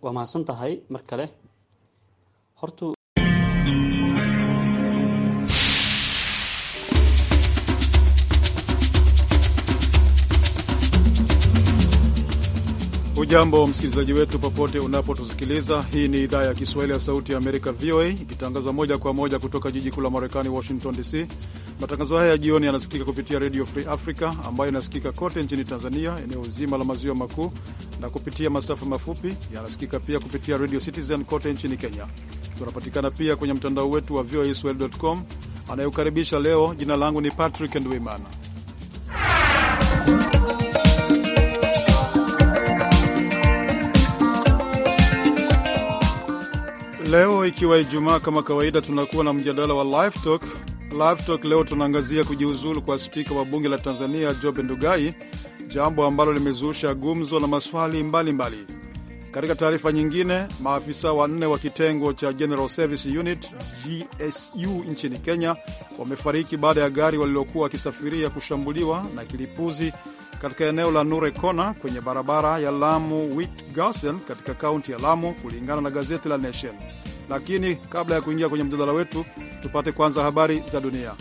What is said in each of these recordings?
waa mahadsan tahay mar kale hortu Ujambo msikilizaji wetu popote unapotusikiliza. Hii ni idhaa ya Kiswahili ya Sauti ya Amerika, VOA, ikitangaza moja kwa moja kutoka jiji kuu la Marekani, Washington DC. Matangazo haya ya jioni yanasikika kupitia Redio Free Africa ambayo inasikika kote nchini Tanzania, eneo zima la maziwa makuu na kupitia masafa mafupi. Yanasikika pia kupitia Radio Citizen kote nchini Kenya. Tunapatikana pia kwenye mtandao wetu wa voaswahili.com. Anayeukaribisha leo, jina langu ni Patrick Ndwimana. Leo ikiwa Ijumaa, kama kawaida, tunakuwa na mjadala wa live talk Live Talk leo tunaangazia kujiuzulu kwa spika wa bunge la Tanzania Job Ndugai, jambo ambalo limezusha gumzo na maswali mbalimbali. Katika taarifa nyingine, maafisa wanne wa kitengo cha General Service Unit GSU nchini Kenya wamefariki baada ya gari walilokuwa wakisafiria kushambuliwa na kilipuzi katika eneo la Nure Kona kwenye barabara ya Lamu Witgasen katika kaunti ya Lamu, kulingana na gazeti la Nation lakini kabla ya kuingia kwenye mjadala wetu, tupate kwanza habari za dunia.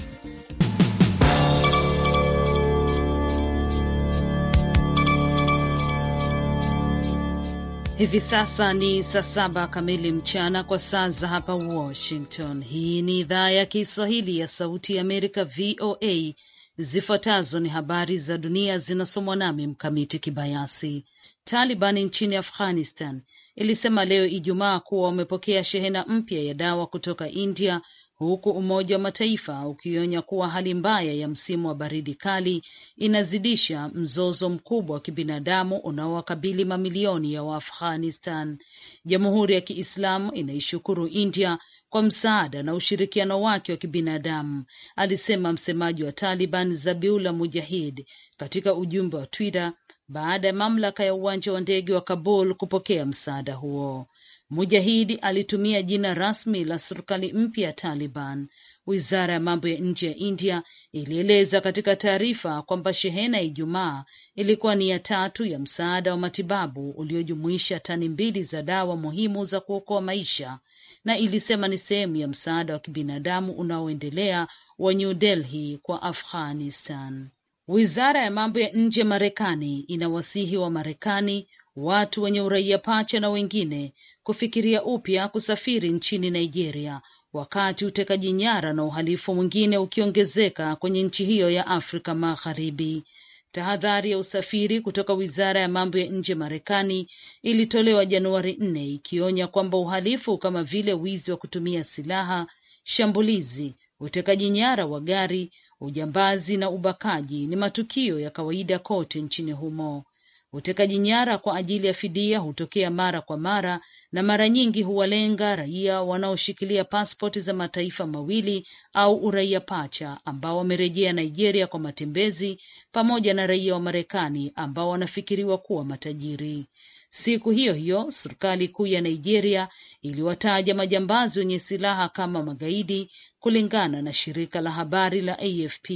Hivi sasa ni saa saba kamili mchana kwa saa za hapa Washington. Hii ni idhaa ya Kiswahili ya Sauti ya Amerika, VOA. Zifuatazo ni habari za dunia zinasomwa nami Mkamiti Kibayasi. Taliban nchini Afghanistan ilisema leo Ijumaa kuwa wamepokea shehena mpya ya dawa kutoka India huku Umoja wa Mataifa ukionya kuwa hali mbaya ya msimu wa baridi kali inazidisha mzozo mkubwa wa kibinadamu unaowakabili mamilioni ya Waafghanistan. Jamhuri ya Kiislamu inaishukuru India kwa msaada na ushirikiano wake wa kibinadamu, alisema msemaji wa Taliban Zabiullah Mujahid katika ujumbe wa Twitter baada ya mamlaka ya uwanja wa ndege wa Kabul kupokea msaada huo. Mujahidi alitumia jina rasmi la serikali mpya ya Taliban. Wizara ya mambo ya nje ya India ilieleza katika taarifa kwamba shehena ya Ijumaa ilikuwa ni ya tatu ya msaada wa matibabu uliojumuisha tani mbili za dawa muhimu za kuokoa maisha, na ilisema ni sehemu ya msaada wa kibinadamu unaoendelea wa New Delhi kwa Afghanistan. Wizara ya mambo ya nje ya Marekani inawasihi wa Marekani, watu wenye uraia pacha na wengine kufikiria upya kusafiri nchini Nigeria wakati utekaji nyara na uhalifu mwingine ukiongezeka kwenye nchi hiyo ya Afrika Magharibi. Tahadhari ya usafiri kutoka wizara ya mambo ya nje Marekani ilitolewa Januari nne ikionya kwamba uhalifu kama vile wizi wa kutumia silaha, shambulizi, utekaji nyara wa gari, Ujambazi na ubakaji ni matukio ya kawaida kote nchini humo. Utekaji nyara kwa ajili ya fidia hutokea mara kwa mara na mara nyingi huwalenga raia wanaoshikilia paspoti za mataifa mawili au uraia pacha ambao wamerejea Nigeria kwa matembezi, pamoja na raia wa Marekani ambao wanafikiriwa kuwa matajiri. Siku hiyo hiyo serikali kuu ya Nigeria iliwataja majambazi wenye silaha kama magaidi, kulingana na shirika la habari la AFP.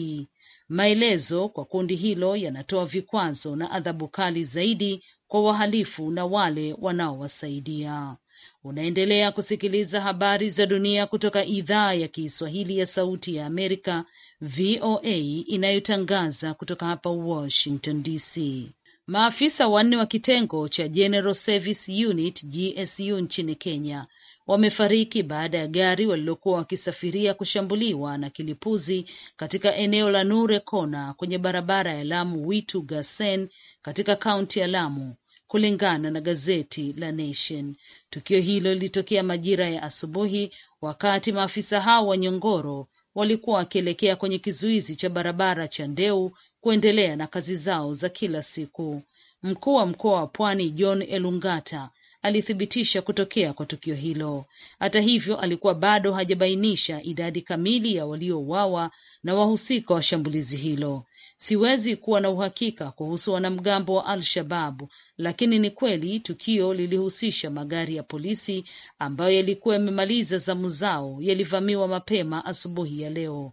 Maelezo kwa kundi hilo yanatoa vikwazo na adhabu kali zaidi kwa wahalifu na wale wanaowasaidia. Unaendelea kusikiliza habari za dunia kutoka idhaa ya Kiswahili ya Sauti ya Amerika, VOA, inayotangaza kutoka hapa Washington DC. Maafisa wanne wa kitengo cha General Service Unit GSU nchini Kenya wamefariki baada ya gari walilokuwa wakisafiria kushambuliwa na kilipuzi katika eneo la Nure Kona kwenye barabara ya Lamu Witu gasen katika kaunti ya Lamu, kulingana na gazeti la Nation. Tukio hilo lilitokea majira ya asubuhi wakati maafisa hao wa Nyongoro walikuwa wakielekea kwenye kizuizi cha barabara cha Ndeu kuendelea na kazi zao za kila siku. Mkuu wa mkoa wa Pwani John Elungata alithibitisha kutokea kwa tukio hilo. Hata hivyo, alikuwa bado hajabainisha idadi kamili ya waliouawa na wahusika wa shambulizi hilo. Siwezi kuwa na uhakika kuhusu wanamgambo wa Al-Shababu, lakini ni kweli tukio lilihusisha magari ya polisi ambayo yalikuwa yamemaliza zamu zao, yalivamiwa mapema asubuhi ya leo.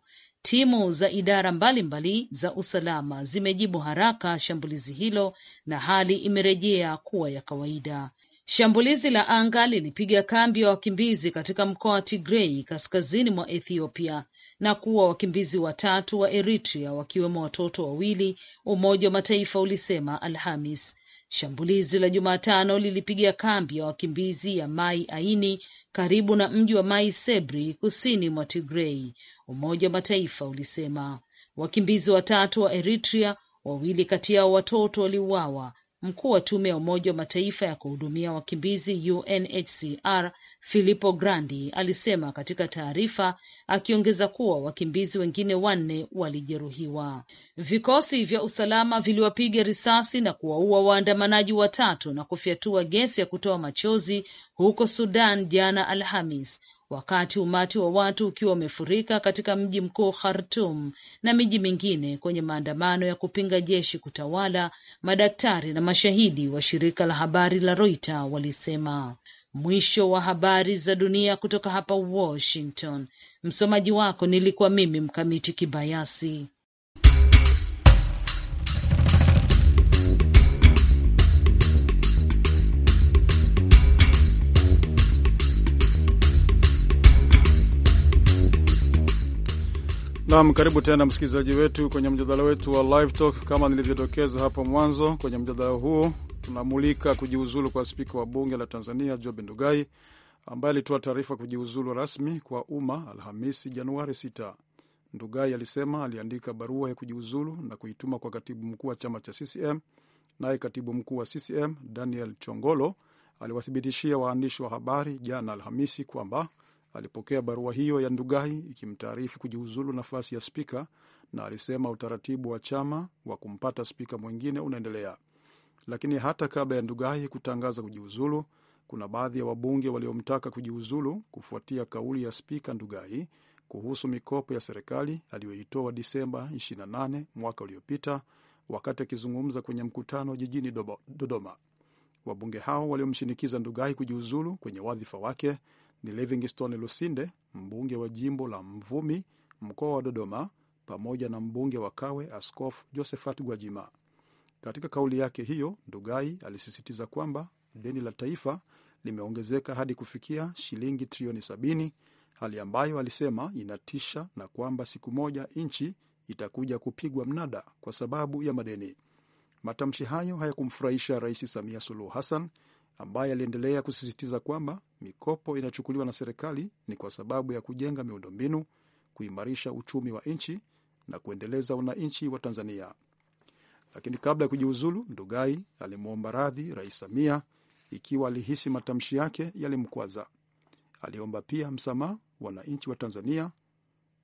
Timu za idara mbalimbali za usalama zimejibu haraka shambulizi hilo na hali imerejea kuwa ya kawaida. Shambulizi la anga lilipiga kambi ya wa wakimbizi katika mkoa wa Tigrei kaskazini mwa Ethiopia na kuwa wakimbizi watatu wa Eritrea wakiwemo watoto wawili, Umoja wa Mataifa ulisema Alhamis. Shambulizi la Jumatano lilipiga kambi ya wa wakimbizi ya Mai Aini karibu na mji wa Mai Sebri kusini mwa Tigrei, Umoja wa Mataifa ulisema. Wakimbizi watatu wa Eritrea, wawili kati yao watoto, waliuawa. Mkuu wa tume ya Umoja wa Mataifa ya kuhudumia wakimbizi UNHCR Filippo Grandi alisema katika taarifa, akiongeza kuwa wakimbizi wengine wanne walijeruhiwa. Vikosi vya usalama viliwapiga risasi na kuwaua waandamanaji watatu na kufyatua gesi ya kutoa machozi huko Sudan jana Alhamis, wakati umati wa watu ukiwa umefurika katika mji mkuu khartum na miji mingine kwenye maandamano ya kupinga jeshi kutawala, madaktari na mashahidi wa shirika la habari la Reuters walisema. Mwisho wa habari za dunia kutoka hapa Washington. Msomaji wako nilikuwa mimi Mkamiti Kibayasi. Naam, karibu tena msikilizaji wetu kwenye mjadala wetu wa Live Talk. Kama nilivyodokeza hapo mwanzo, kwenye mjadala huo tunamulika kujiuzulu kwa spika wa bunge la Tanzania Job Ndugai ambaye alitoa taarifa kujiuzulu rasmi kwa umma Alhamisi Januari 6. Ndugai alisema aliandika barua ya kujiuzulu na kuituma kwa katibu mkuu wa chama cha CCM, naye katibu mkuu wa CCM Daniel Chongolo aliwathibitishia waandishi wa habari jana Alhamisi kwamba alipokea barua hiyo ya Ndugai ikimtaarifu kujiuzulu nafasi ya spika, na alisema utaratibu wa chama wa kumpata spika mwingine unaendelea. Lakini hata kabla ya Ndugai kutangaza kujiuzulu, kuna baadhi ya wabunge waliomtaka kujiuzulu kufuatia kauli ya spika Ndugai kuhusu mikopo ya serikali aliyoitoa Disemba 28 mwaka uliopita, wakati akizungumza kwenye mkutano jijini Dodoma. Wabunge hao waliomshinikiza Ndugai kujiuzulu kwenye wadhifa wake ni Livingstone Lusinde, mbunge wa jimbo la Mvumi, mkoa wa Dodoma, pamoja na mbunge wa Kawe, Askof Josephat Gwajima. Katika kauli yake hiyo, Ndugai alisisitiza kwamba deni la taifa limeongezeka hadi kufikia shilingi trilioni sabini, hali ambayo alisema inatisha na kwamba siku moja nchi itakuja kupigwa mnada kwa sababu ya madeni. Matamshi hayo hayakumfurahisha Rais Samia Suluhu Hassan ambaye aliendelea kusisitiza kwamba mikopo inayochukuliwa na serikali ni kwa sababu ya kujenga miundombinu, kuimarisha uchumi wa nchi na kuendeleza wananchi wa Tanzania. Lakini kabla ya kujiuzulu, Ndugai alimwomba radhi Rais Samia ikiwa alihisi matamshi yake yalimkwaza. Aliomba pia msamaha wananchi wa Tanzania.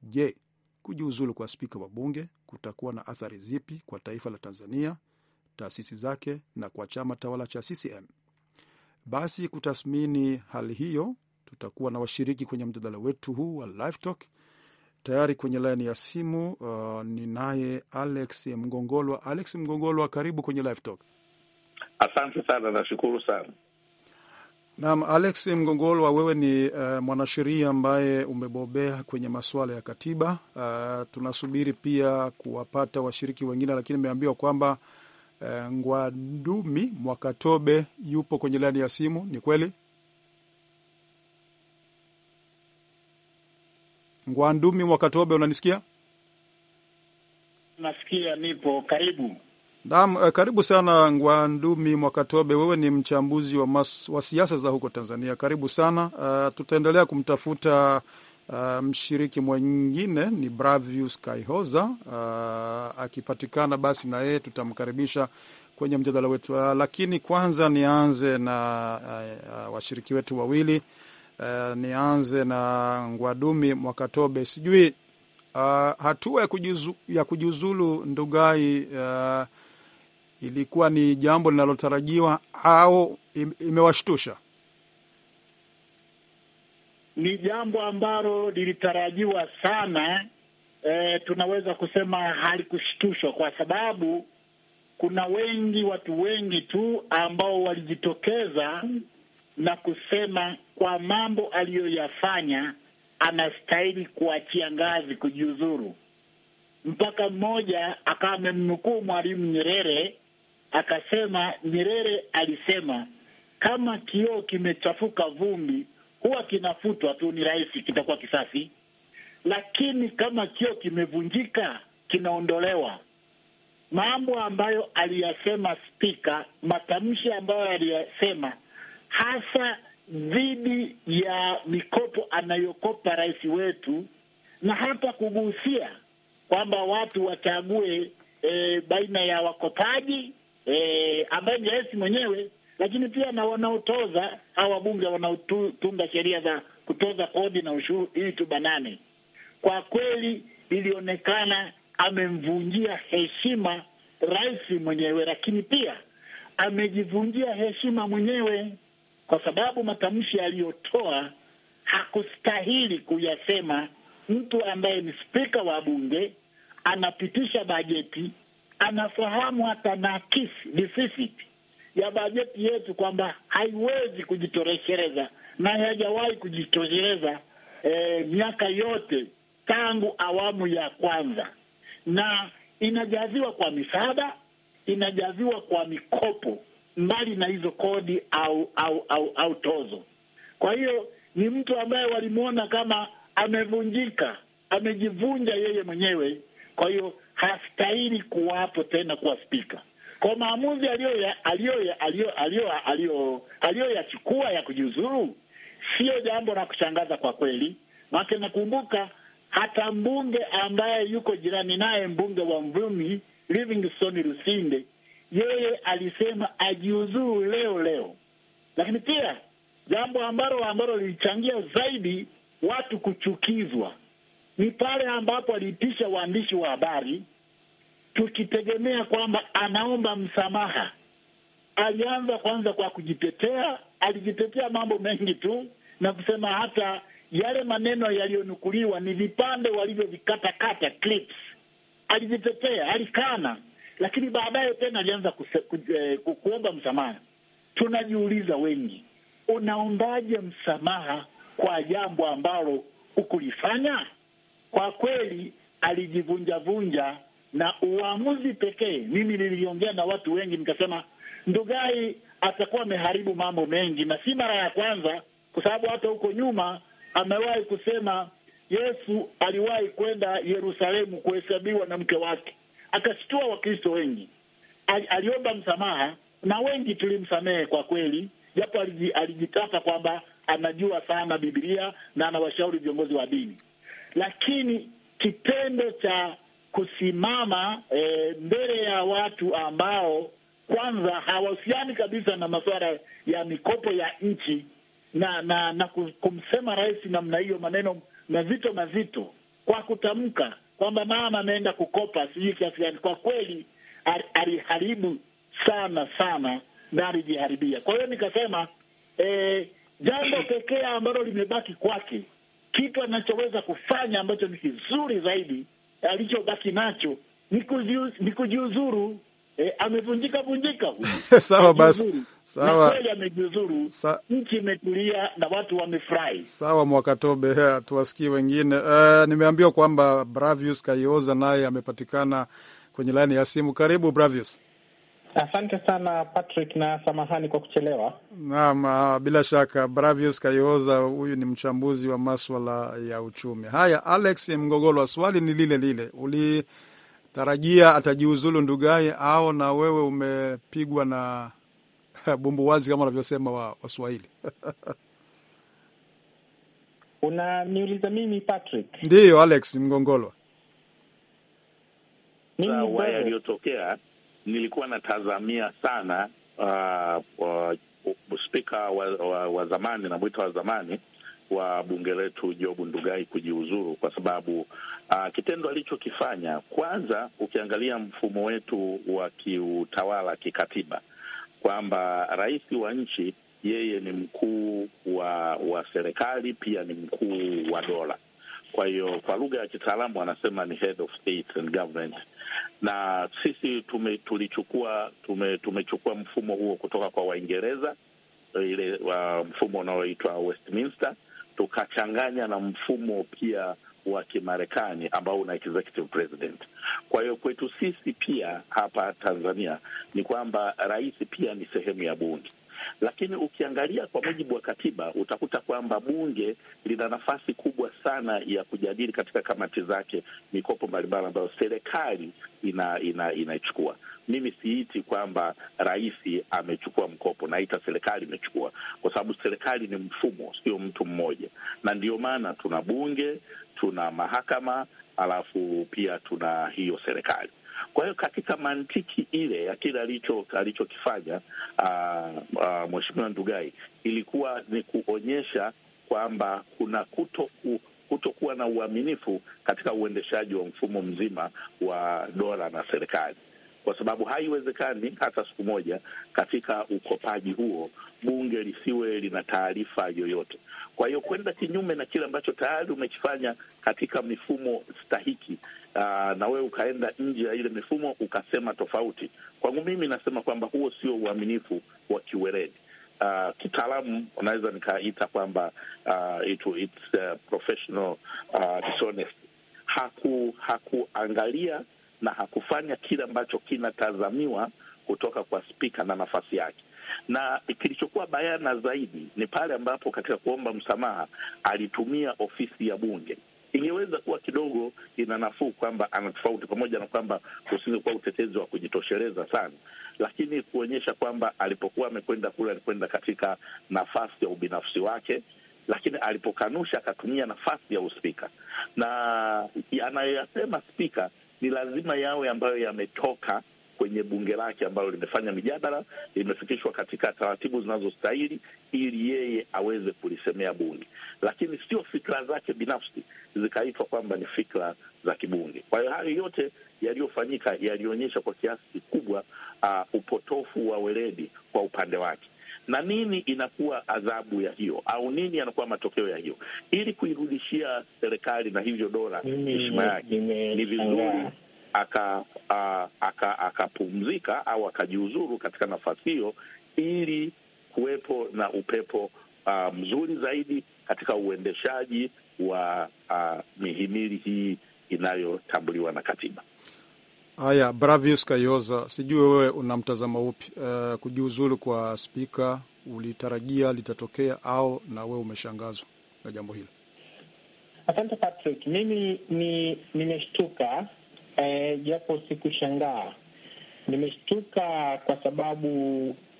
Je, kujiuzulu kwa spika wa bunge kutakuwa na athari zipi kwa taifa la Tanzania, taasisi zake na kwa chama tawala cha CCM? Basi kutathmini hali hiyo, tutakuwa na washiriki kwenye mjadala wetu huu wa Live Talk tayari kwenye laini ya simu. Uh, ni naye Alex Mgongolwa. Alex Mgongolwa, karibu kwenye Live Talk. Asante sana, nashukuru sana. Naam, Alex Mgongolwa, wewe ni uh, mwanasheria ambaye umebobea kwenye masuala ya katiba. Uh, tunasubiri pia kuwapata washiriki wengine, lakini imeambiwa kwamba Eh, Ngwandumi Mwakatobe yupo kwenye laini ya simu. Ni kweli Ngwandumi Mwakatobe, unanisikia? Nasikia, nipo karibu. Naam, uh, karibu sana Ngwandumi Mwakatobe, wewe ni mchambuzi wa, wa siasa za huko Tanzania. Karibu sana uh, tutaendelea kumtafuta Uh, mshiriki um, mwingine ni Bravius Kaihoza uh, akipatikana basi na yeye tutamkaribisha kwenye mjadala wetu uh, lakini kwanza nianze na uh, uh, washiriki wetu wawili uh, nianze na Ngwadumi Mwakatobe. Sijui uh, hatua ya, kujizu, ya kujiuzulu Ndugai uh, ilikuwa ni jambo linalotarajiwa au im, imewashtusha? ni jambo ambalo lilitarajiwa sana. E, tunaweza kusema halikushtushwa kwa sababu kuna wengi, watu wengi tu ambao walijitokeza na kusema kwa mambo aliyoyafanya anastahili kuachia ngazi, kujiuzuru. Mpaka mmoja akawa amemnukuu Mwalimu Nyerere akasema, Nyerere alisema kama kioo kimechafuka vumbi huwa kinafutwa tu, ni rahisi, kitakuwa kisafi. Lakini kama kio kimevunjika, kinaondolewa. Mambo ambayo aliyasema spika, matamshi ambayo aliyasema hasa dhidi ya mikopo anayokopa rais wetu, na hata kugusia kwamba watu wachague e, baina ya wakopaji e, ambaye ni rais mwenyewe lakini pia na wanaotoza hao wabunge wanaotunga sheria za kutoza kodi na ushuru ili tubanane. Kwa kweli, ilionekana amemvunjia heshima rais mwenyewe, lakini pia amejivunjia heshima mwenyewe kwa sababu matamshi aliyotoa hakustahili kuyasema. Mtu ambaye ni spika wa bunge anapitisha bajeti, anafahamu hata nakisi deficit ya bajeti yetu kwamba haiwezi kujitosheleza na hajawahi kujitosheleza eh, miaka yote tangu awamu ya kwanza, na inajaziwa kwa misaada, inajaziwa kwa mikopo, mbali na hizo kodi au au au, au tozo. Kwa hiyo ni mtu ambaye walimwona kama amevunjika, amejivunja yeye mwenyewe, kwa hiyo hastahili kuwapo tena kuwa spika kwa maamuzi aliyoyachukua ya kujiuzuru, siyo jambo la kushangaza kwa kweli, maana nakumbuka hata mbunge ambaye yuko jirani naye, mbunge wa Mvumi Livingstone Lusinde, yeye alisema ajiuzuru leo leo. Lakini pia jambo ambalo ambalo lilichangia zaidi watu kuchukizwa ni pale ambapo aliitisha waandishi wa habari tukitegemea kwamba anaomba msamaha. Alianza kwanza kwa kujitetea, alijitetea mambo mengi tu na kusema hata yale maneno yaliyonukuliwa ni vipande walivyovikatakata clips. Alijitetea, alikana, lakini baadaye tena alianza eh, kuomba msamaha. Tunajiuliza wengi, unaombaje msamaha kwa jambo ambalo hukulifanya? Kwa kweli alijivunjavunja na uamuzi pekee. Mimi niliongea na watu wengi, nikasema Ndugai atakuwa ameharibu mambo mengi, na si mara ya kwanza, kwa sababu hata huko nyuma amewahi kusema Yesu aliwahi kwenda Yerusalemu kuhesabiwa na mke wake, akashtua Wakristo wengi. Aliomba msamaha na wengi tulimsamehe kwa kweli, japo alijitapa kwamba anajua sana Biblia na anawashauri viongozi wa dini, lakini kitendo cha kusimama e, mbele ya watu ambao kwanza hawahusiani kabisa na masuala ya mikopo ya nchi na na na kumsema rais namna hiyo, maneno mazito mazito kwa kutamka kwamba mama ameenda kukopa sijui kiasi gani. Kwa kweli aliharibu sana sana na alijiharibia. Kwa hiyo nikasema e, jambo pekee ambalo limebaki kwake, kitu anachoweza kufanya ambacho ni kizuri zaidi alichobaki nacho ni kujiuzuru. Eh, amevunjika vunjika Sawa basi, sawa kweli amejiuzuru. Sa... nchi imetulia na watu wamefurahi. Sawa Mwakatobe, eh, tuwasikie wengine. Uh, nimeambiwa kwamba Bravius Kaioza naye amepatikana kwenye laini ya simu. Karibu Bravius. Asante sana Patrick na samahani kwa kuchelewa. Naam, ah, bila shaka. Bravius Kayoza, huyu ni mchambuzi wa maswala ya uchumi. Haya Alex Mgogolwa, swali ni lile lile, ulitarajia atajiuzulu Ndugai au na wewe umepigwa na bumbu wazi kama wanavyosema Waswahili? unaniuliza mimi Patrick? Ndiyo, Alex Mgongolwa, nilikuwa natazamia sana uh, uh, spika wa, wa, wa zamani mwita wa zamani wa bunge letu Jobu Ndugai kujiuzuru kwa sababu uh, kitendo alichokifanya kwanza, ukiangalia mfumo wetu wa kiutawala kikatiba, kwamba rais wa nchi yeye ni mkuu wa, wa serikali pia ni mkuu wa dola kwa hiyo kwa lugha ya kitaalamu wanasema ni head of state and government, na sisi tume, tulichukua tume, tumechukua mfumo huo kutoka kwa Waingereza, ile wa mfumo unaoitwa Westminster, tukachanganya na mfumo pia wa Kimarekani ambao una executive president. Kwa hiyo kwetu sisi pia hapa Tanzania ni kwamba rais pia ni sehemu ya bunge. Lakini ukiangalia kwa mujibu wa katiba utakuta kwamba bunge lina nafasi kubwa sana ya kujadili katika kamati zake mikopo mbalimbali ambayo serikali inaichukua ina, ina mimi siiti kwamba rais amechukua mkopo, naita serikali imechukua, kwa sababu serikali ni mfumo, sio mtu mmoja, na ndio maana tuna bunge, tuna mahakama, alafu pia tuna hiyo serikali. Kwa hiyo katika mantiki ile ya kile alichokifanya ah, ah, mheshimiwa Ndugai ilikuwa ni kuonyesha kwamba kuna ku, kutokuwa na uaminifu katika uendeshaji wa mfumo mzima wa dola na serikali kwa sababu haiwezekani hata siku moja katika ukopaji huo bunge lisiwe lina taarifa yoyote. Kwa hiyo kwenda kinyume na kile ambacho tayari umekifanya katika mifumo stahiki, aa, na wewe ukaenda nje ya ile mifumo ukasema tofauti, kwangu mimi nasema kwamba huo sio uaminifu wa kiweredi. Uh, kitaalamu unaweza nikaita kwamba uh, it, it's, uh, professional uh, Haku hakuangalia na hakufanya kile ambacho kinatazamiwa kutoka kwa spika na nafasi yake. Na kilichokuwa bayana zaidi ni pale ambapo katika kuomba msamaha alitumia ofisi ya bunge ingeweza kuwa kidogo ina nafuu kwamba ana tofauti, pamoja na kwamba usingekuwa utetezi wa kujitosheleza sana, lakini kuonyesha kwamba alipokuwa amekwenda kule alikwenda katika nafasi ya ubinafsi wake, lakini alipokanusha akatumia nafasi ya uspika, na anayoyasema spika ni lazima yawe ambayo yametoka kwenye bunge lake ambalo limefanya mijadala, limefikishwa katika taratibu zinazostahili ili yeye aweze kulisemea bunge, lakini sio fikra zake binafsi zikaitwa kwamba ni fikra za kibunge. Kwa hiyo hayo yote yaliyofanyika yalionyesha kwa kiasi kikubwa uh, upotofu wa weledi kwa upande wake na nini inakuwa adhabu ya hiyo, au nini yanakuwa matokeo ya hiyo, ili kuirudishia serikali na hivyo dola heshima yake. Ni vizuri akapumzika aka, aka au akajiuzuru katika nafasi hiyo, ili kuwepo na upepo a, mzuri zaidi katika uendeshaji wa uh, mihimili hii inayotambuliwa na katiba. Haya, Bravius Kayoza, sijui wewe una mtazamo upi uh, kujiuzulu kwa spika ulitarajia litatokea au na wewe umeshangazwa na jambo hilo? Asante Patrick, mimi ni nimeshtuka eh, japo sikushangaa. Nimeshtuka kwa sababu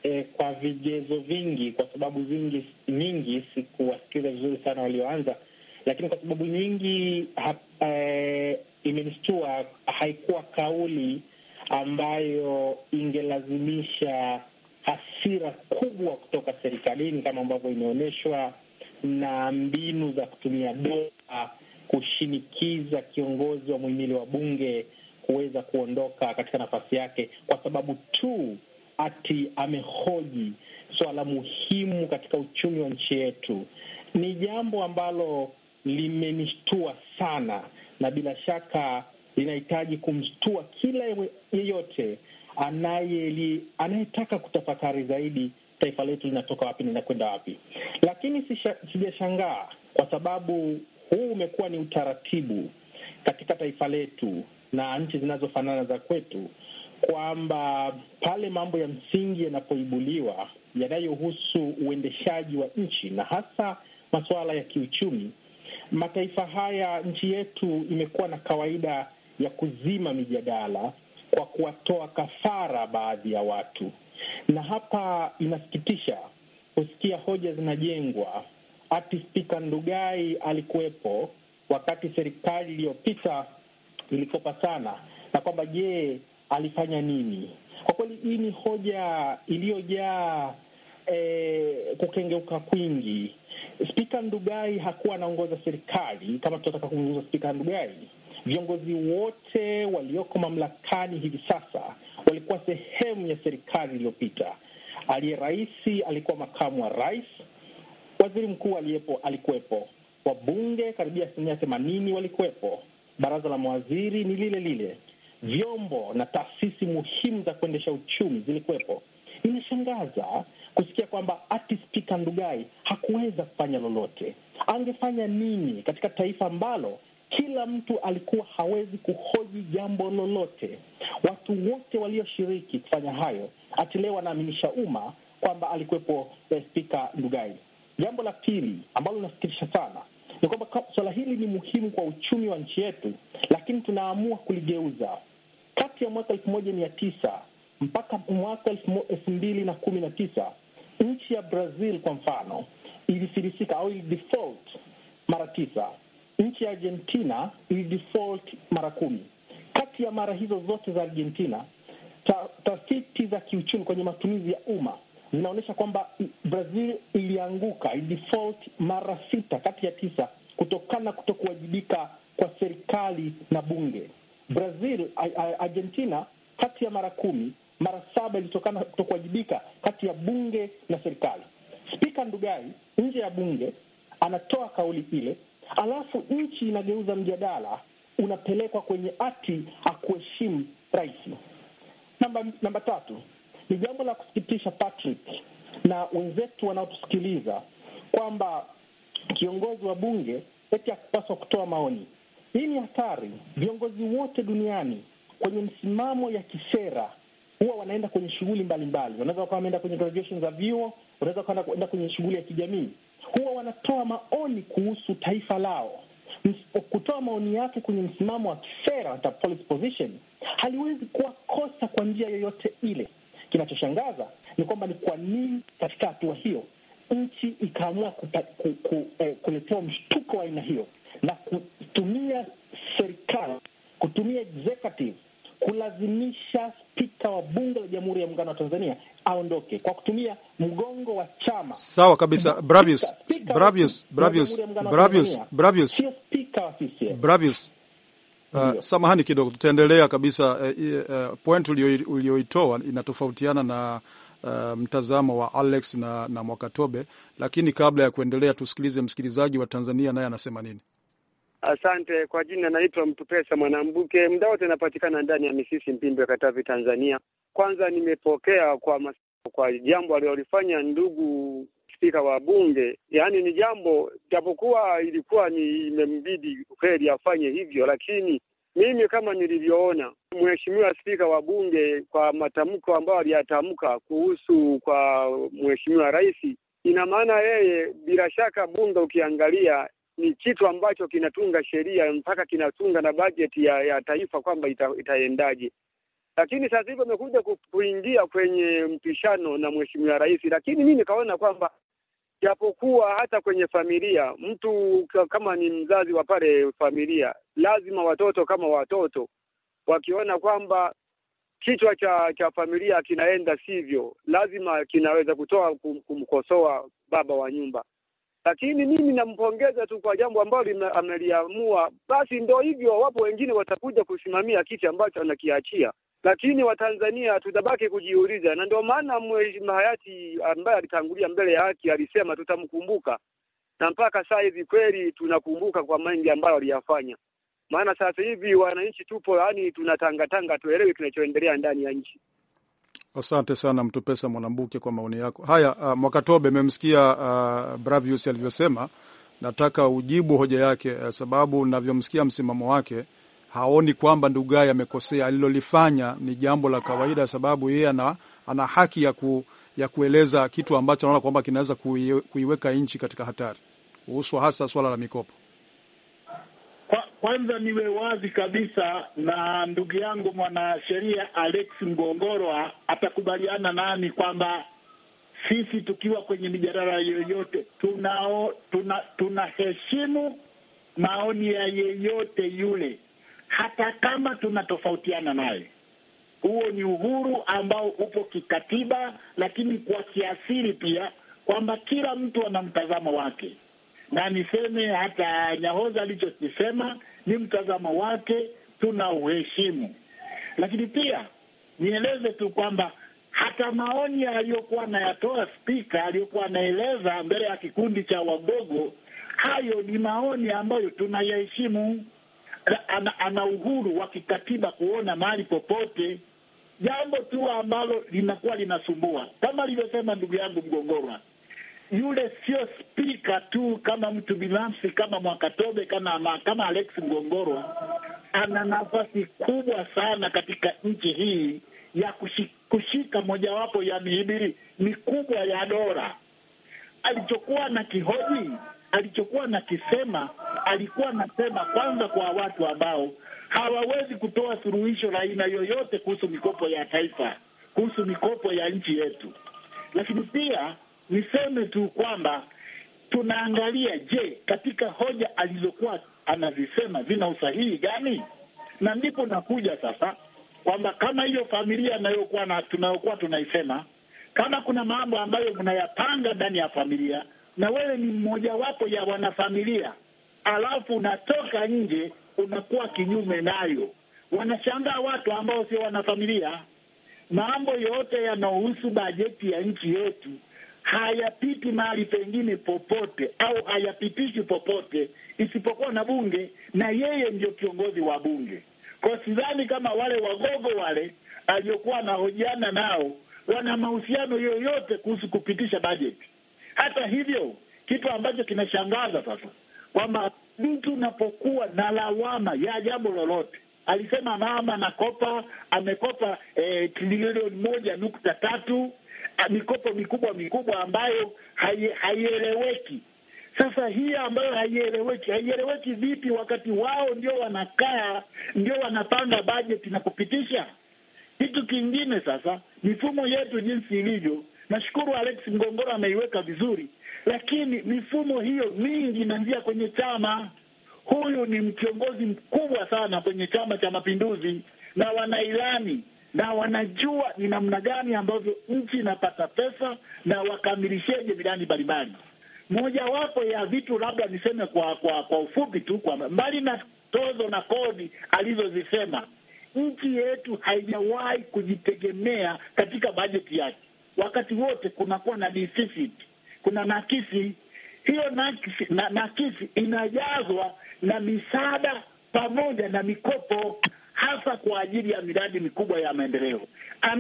eh, kwa vigezo vingi, kwa sababu nyingi nyingi, sikuwasikiza vizuri sana walioanza, lakini kwa sababu nyingi hap, eh, imenishtua. Haikuwa kauli ambayo ingelazimisha hasira kubwa kutoka serikalini kama ambavyo imeonyeshwa na mbinu za kutumia dola kushinikiza kiongozi wa muhimili wa bunge kuweza kuondoka katika nafasi yake kwa sababu tu ati amehoji swala muhimu katika uchumi wa nchi yetu. Ni jambo ambalo limenishtua sana, na bila shaka linahitaji kumshtua kila yeyote anayetaka kutafakari zaidi taifa letu linatoka wapi, linakwenda wapi. Lakini sijashangaa kwa sababu huu umekuwa ni utaratibu katika taifa letu na nchi zinazofanana za kwetu, kwamba pale mambo ya msingi yanapoibuliwa yanayohusu uendeshaji wa nchi na hasa masuala ya kiuchumi mataifa haya, nchi yetu imekuwa na kawaida ya kuzima mijadala kwa kuwatoa kafara baadhi ya watu, na hapa inasikitisha kusikia hoja zinajengwa ati Spika Ndugai alikuwepo wakati serikali iliyopita ilikopa sana, na kwamba je, alifanya nini? Kwa kweli hii ni hoja iliyojaa e, kukengeuka kwingi Spika Ndugai hakuwa anaongoza serikali. Kama tunataka kumzungumza Spika Ndugai, viongozi wote walioko mamlakani hivi sasa walikuwa sehemu ya serikali iliyopita. Aliye rais alikuwa makamu wa rais, waziri mkuu aliyepo alikuwepo, wabunge karibia asilimia themanini walikuwepo, baraza la mawaziri ni lile lile, vyombo na taasisi muhimu za kuendesha uchumi zilikuwepo. Inashangaza kusikia kwamba ati Spika Ndugai hakuweza kufanya lolote. Angefanya nini katika taifa ambalo kila mtu alikuwa hawezi kuhoji jambo lolote? Watu wote walioshiriki kufanya hayo, ati leo wanaaminisha umma kwamba alikuwepo eh, Spika Ndugai. Jambo la pili ambalo linasikitisha sana ni kwamba swala hili ni muhimu kwa uchumi wa nchi yetu, lakini tunaamua kuligeuza. Kati ya mwaka elfu moja mia tisa mpaka mwaka elfu mbili na kumi na tisa nchi ya Brazil kwa mfano ilifilisika au ilidefault mara tisa, nchi ya Argentina ilidefault mara kumi. Kati ya mara hizo zote za Argentina, tafiti ta za kiuchumi kwenye matumizi ya umma zinaonyesha kwamba Brazil ilianguka ilidefault mara sita kati ya tisa kutokana kutokuwajibika kwa serikali na bunge. Brazil Argentina, kati ya mara kumi mara saba ilitokana kutokuwajibika kati ya bunge na serikali. Spika Ndugai nje ya bunge anatoa kauli ile, alafu nchi inageuza mjadala unapelekwa kwenye ati akuheshimu rais. Namba, namba tatu ni jambo la kusikitisha Patrick na wenzetu wanaotusikiliza kwamba kiongozi wa bunge eti akupaswa kutoa maoni. Hii ni hatari. Viongozi wote duniani kwenye msimamo ya kisera huwa wanaenda kwenye shughuli mbalimbali. Wanaweza wakawa wameenda kwenye graduation za vyuo, wanaweza wanaenda kwenye shughuli ya kijamii. Huwa wanatoa maoni kuhusu taifa lao. Kutoa maoni yake kwenye msimamo wa kisera ta policy position haliwezi kuwa kosa kwa njia yoyote ile. Kinachoshangaza ni kwamba ni kwa nini katika hatua hiyo nchi ikaamua ku, ku, eh, kuletewa mshtuko wa aina hiyo na kutumia serikali kutumia executive kulazimisha spika wa bunge la Jamhuri ya Muungano wa Tanzania aondoke kwa kutumia mgongo wa chama. Sawa kabisa, Bravius, Bravius, Bravius, Bravius, Bravius, Bravius. Uh, samahani kidogo, tutaendelea kabisa. Uh, uh, point ulioitoa inatofautiana na uh, mtazamo wa Alex na, na Mwakatobe, lakini kabla ya kuendelea tusikilize msikilizaji wa Tanzania naye anasema nini. Asante kwa jina, naitwa Mtupesa Mwanambuke mda wote napatikana ndani ya Misisi Mpimbe, Katavi, Tanzania. Kwanza nimepokea kwa mas... kwa jambo alilolifanya ndugu spika wa bunge, yaani ni jambo japokuwa ilikuwa ni imembidi kweli afanye hivyo, lakini mimi kama nilivyoona mheshimiwa spika wa bunge kwa matamko ambayo aliyatamka kuhusu kwa mheshimiwa rais, ina maana yeye bila shaka bunge ukiangalia ni kitu ambacho kinatunga sheria mpaka kinatunga na bajeti ya, ya taifa kwamba ita, itaendaje. Lakini sasa hivi amekuja kuingia kwenye mpishano na mheshimiwa rais, lakini mi nikaona kwamba japokuwa hata kwenye familia mtu kama ni mzazi wa pale familia, lazima watoto kama watoto wakiona kwamba kichwa cha cha familia kinaenda sivyo, lazima kinaweza kutoa kumkosoa baba wa nyumba. Lakini mimi nampongeza tu kwa jambo ambalo ameliamua, basi ndo hivyo. Wapo wengine watakuja kusimamia kiti ambacho anakiachia, lakini Watanzania tutabaki kujiuliza, na ndio maana Mheshimiwa hayati ambaye alitangulia mbele ya haki alisema tutamkumbuka, na mpaka saa hivi kweli tunakumbuka kwa mengi ambayo aliyafanya. Maana sasa hivi wananchi tupo, yani tunatangatanga, tuelewi kinachoendelea ndani ya nchi. Asante sana mtu pesa Mwanambuke kwa maoni yako haya. Uh, Mwakatobe, memsikia uh, Bravius alivyosema. Nataka ujibu hoja yake uh, sababu navyomsikia msimamo wake haoni kwamba Ndugai amekosea. Alilolifanya ni jambo la kawaida, sababu yeye ana, ana haki ya, ku, ya kueleza kitu ambacho anaona kwamba kinaweza kuiweka nchi katika hatari, kuhusu hasa swala la mikopo. Kwa, kwanza niwe wazi kabisa na ndugu yangu mwanasheria Alex Mgongorwa atakubaliana nani kwamba sisi tukiwa kwenye mijadala yoyote tunao tuna tunaheshimu maoni ya yeyote yule, hata kama tunatofautiana naye. Huo ni uhuru ambao upo kikatiba, lakini kwa kiasiri pia kwamba kila mtu ana mtazamo wake na niseme hata Nyahoza alichokisema ni mtazamo wake, tuna uheshimu, lakini pia nieleze tu kwamba hata maoni aliyokuwa anayatoa spika aliyokuwa anaeleza mbele ya kikundi cha Wagogo, hayo ni maoni ambayo tunayaheshimu. Ana, ana uhuru wa kikatiba kuona mahali popote, jambo tu ambalo linakuwa linasumbua kama alivyosema ndugu yangu Mgongorwa yule sio spika tu kama mtu binafsi, kama Mwakatobe, kama kama Alex Ngongoro, ana nafasi kubwa sana katika nchi hii ya kushika, mojawapo ya mihimili mikubwa ya dola. Alichokuwa na kihoji, alichokuwa na kisema, alikuwa anasema kwanza kwa watu ambao hawawezi kutoa suluhisho la aina yoyote kuhusu mikopo ya taifa, kuhusu mikopo ya nchi yetu, lakini pia niseme tu kwamba tunaangalia, je, katika hoja alizokuwa anazisema zina usahihi gani? Na ndipo nakuja sasa kwamba kama hiyo familia anayokuwa na tunayokuwa tunaisema, kama kuna mambo ambayo mnayapanga ndani ya familia na wewe ni mmojawapo ya wanafamilia, alafu unatoka nje unakuwa kinyume nayo, wanashangaa watu ambao sio wanafamilia. Mambo yote yanaohusu bajeti ya nchi yetu hayapiti mahali pengine popote au hayapitishi popote isipokuwa na bunge, na yeye ndiyo kiongozi wa bunge. Kwa sidhani kama wale wagogo wale aliyokuwa anahojiana nao wana mahusiano yoyote kuhusu kupitisha bajeti. Hata hivyo, kitu ambacho kinashangaza sasa kwamba mtu unapokuwa na lawama ya jambo lolote, alisema mama anakopa, amekopa eh, trilioni moja nukta tatu Eh, mikopo mikubwa mikubwa ambayo haieleweki. Sasa hii ambayo haieleweki, haieleweki vipi, wakati wao ndio wanakaa ndio wanapanga bajeti na kupitisha? Kitu kingine sasa, mifumo yetu jinsi ilivyo, nashukuru Alex Mgongoro ameiweka vizuri, lakini mifumo hiyo mingi inaanzia kwenye chama. Huyu ni mkiongozi mkubwa sana kwenye Chama cha Mapinduzi na wanailani na wanajua ni namna gani ambavyo nchi inapata pesa na wakamilisheje miradi mbalimbali. Mojawapo ya vitu labda niseme kwa kwa kwa ufupi tu, kwa mbali na tozo na kodi alizozisema, nchi yetu haijawahi kujitegemea katika bajeti yake. Wakati wote kunakuwa na deficit, kuna nakisi. Hiyo nakisi, na, nakisi inajazwa na misaada pamoja na mikopo hasa kwa ajili ya miradi mikubwa ya maendeleo.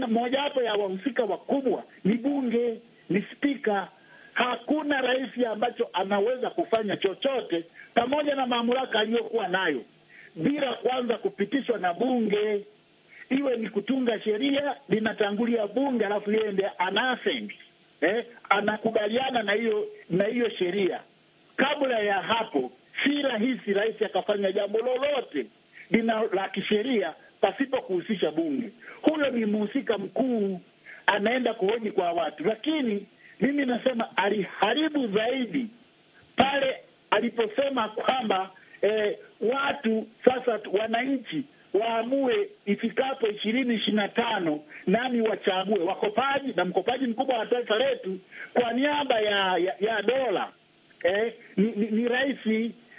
Mojawapo ya wahusika wakubwa ni bunge, ni spika. Hakuna rais ambacho anaweza kufanya chochote pamoja na mamlaka aliyokuwa nayo bila kwanza kupitishwa na bunge. Iwe ni kutunga sheria, linatangulia bunge, alafu yeye ndiye eh, anakubaliana na hiyo na hiyo sheria. Kabla ya hapo, si rahisi rais akafanya jambo lolote lina la kisheria pasipo kuhusisha bunge. Huyo ni mhusika mkuu, anaenda kuhoji kwa watu, lakini mimi nasema aliharibu zaidi pale aliposema kwamba eh, watu sasa, wananchi waamue ifikapo ishirini ishirini na tano nani wachague wakopaji, na mkopaji mkubwa wa taifa letu kwa niaba ya, ya, ya dola eh, ni, ni, ni rais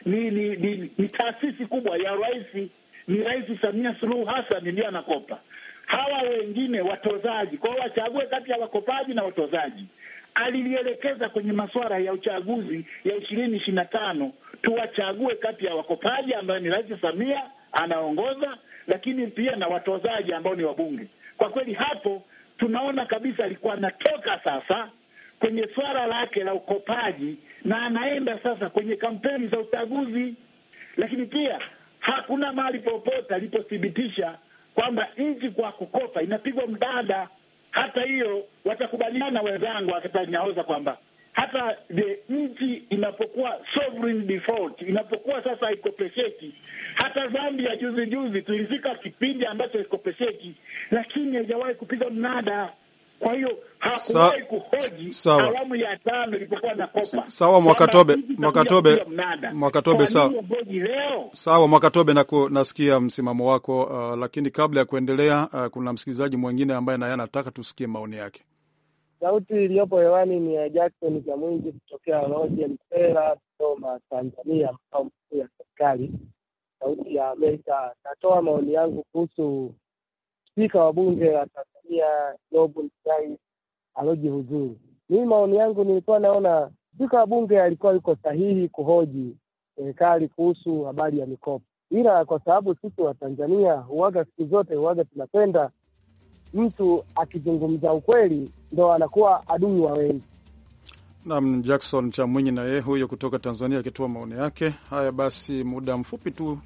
ni, ni, ni, ni taasisi kubwa ya rais, ni Rais Samia Suluhu Hassan ndio anakopa. Hawa wengine watozaji, kwa hiyo wachague kati ya wakopaji na watozaji. Alilielekeza kwenye masuala ya uchaguzi ya ishirini ishirini na tano tuwachague kati ya wakopaji ambayo ni Rais Samia anaongoza, lakini pia na watozaji ambao ni wabunge. Kwa kweli hapo tunaona kabisa alikuwa anatoka sasa kwenye swala lake la ukopaji, na anaenda sasa kwenye kampeni za uchaguzi. Lakini pia hakuna mahali popote alipothibitisha kwamba nchi kwa kukopa inapigwa mdada. Hata hiyo watakubaliana wenzangu akatanyaoza kwamba hata je, nchi inapokuwa sovereign default, inapokuwa sasa haikopesheki. Hata Zambia juzi juzi tulifika kipindi ambacho haikopesheki, lakini haijawahi kupiga mnada. Kwa hiyo hakuwahi kuhoji awamu ya tano ilipokuwa na kopa. Sawa Mwakatobe, Mwakatobe, Mwakatobe, sawa sawa Mwakatobe, na nasikia msimamo wako uh, lakini kabla ya kuendelea uh, kuna msikilizaji mwingine ambaye naye anataka tusikie maoni yake. Sauti iliyopo hewani ni ya Jackson Kamwingi kutokea Loje Mpera, Dodoma, Tanzania, makao makuu ya serikali Sauti ya Amerika. Natoa maoni yangu kuhusu spika wa bunge la kuwania Nobel Prize alojihuzuru. Mimi maoni yangu nilikuwa naona spika wa bunge alikuwa yuko sahihi kuhoji serikali kuhusu habari ya mikopo, ila kwa sababu sisi wa tanzania huwaga siku zote huwaga tunapenda mtu akizungumza ukweli ndo anakuwa adui wa wengi. Nam Jackson Chamwinyi na yeye huyo kutoka Tanzania akitoa maoni yake. Haya basi, muda mfupi tu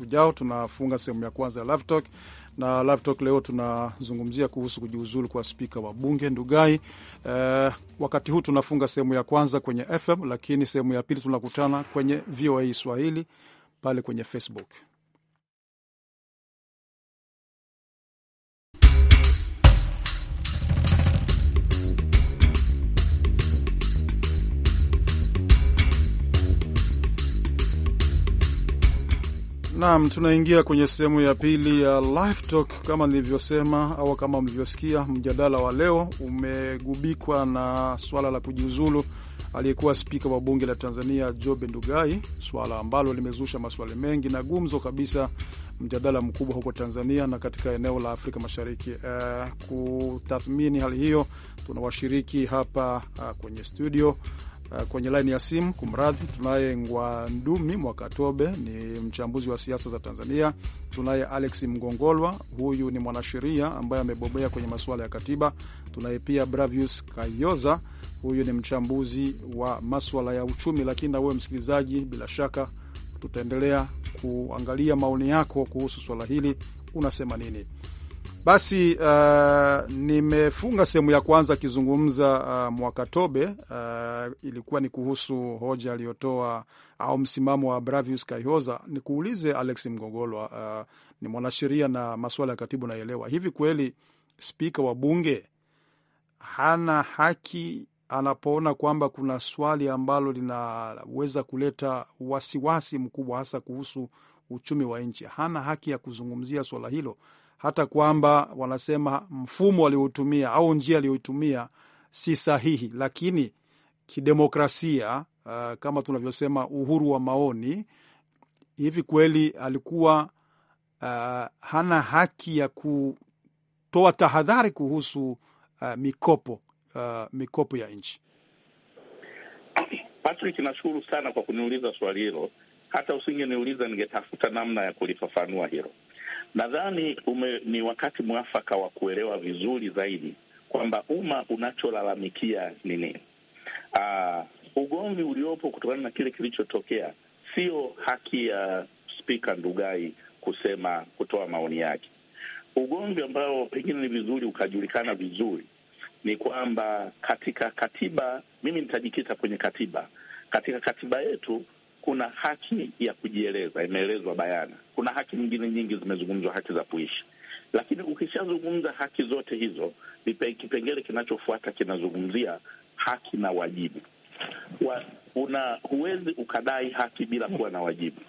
ujao tunafunga sehemu ya kwanza ya Live Talk na Live Talk leo tunazungumzia kuhusu kujiuzulu kwa spika wa bunge Ndugai. Eh, wakati huu tunafunga sehemu ya kwanza kwenye FM, lakini sehemu ya pili tunakutana kwenye VOA Swahili pale kwenye Facebook. Naam, tunaingia kwenye sehemu ya pili ya Live Talk. Kama nilivyosema au kama mlivyosikia, mjadala wa leo umegubikwa na swala la kujiuzulu aliyekuwa spika wa bunge la Tanzania Job Ndugai, swala ambalo limezusha maswali mengi na gumzo kabisa, mjadala mkubwa huko Tanzania na katika eneo la Afrika Mashariki. Uh, kutathmini hali hiyo tunawashiriki hapa uh, kwenye studio Uh, kwenye laini ya simu. Kumradhi, tunaye Ngwandumi Mwakatobe, ni mchambuzi wa siasa za Tanzania. Tunaye Alex Mgongolwa, huyu ni mwanasheria ambaye amebobea kwenye masuala ya katiba. Tunaye pia Bravius Kayoza, huyu ni mchambuzi wa maswala ya uchumi. Lakini na wewe msikilizaji, bila shaka tutaendelea kuangalia maoni yako kuhusu swala hili, unasema nini? Basi uh, nimefunga sehemu ya kwanza akizungumza uh, Mwakatobe. Uh, ilikuwa ni kuhusu hoja aliyotoa au msimamo wa Bravius Kaihoza. Nikuulize Alex Mgogolwa, uh, ni mwanasheria na masuala ya katibu, naelewa hivi kweli spika wa bunge hana haki anapoona kwamba kuna swali ambalo linaweza kuleta wasiwasi mkubwa hasa kuhusu uchumi wa nchi, hana haki ya kuzungumzia swala hilo hata kwamba wanasema mfumo aliotumia au njia aliyoitumia si sahihi, lakini kidemokrasia, uh, kama tunavyosema uhuru wa maoni, hivi kweli alikuwa uh, hana haki ya kutoa tahadhari kuhusu uh, mikopo uh, mikopo ya nchi? Patrick, nashukuru sana kwa kuniuliza swali hilo. Hata usingeniuliza, ningetafuta namna ya kulifafanua hilo. Nadhani ni wakati mwafaka wa kuelewa vizuri zaidi kwamba umma unacholalamikia ni nini. Uh, ugomvi uliopo kutokana na kile kilichotokea, sio haki ya Spika Ndugai kusema kutoa maoni yake. Ugomvi ambao pengine ni vizuri ukajulikana vizuri ni kwamba katika katiba, mimi nitajikita kwenye katiba. Katika katiba yetu kuna haki ya kujieleza imeelezwa bayana. Kuna haki nyingine nyingi zimezungumzwa, haki za kuishi. Lakini ukishazungumza haki zote hizo, kipengele kinachofuata kinazungumzia haki na wajibu wa, una huwezi ukadai haki bila kuwa na wajibu.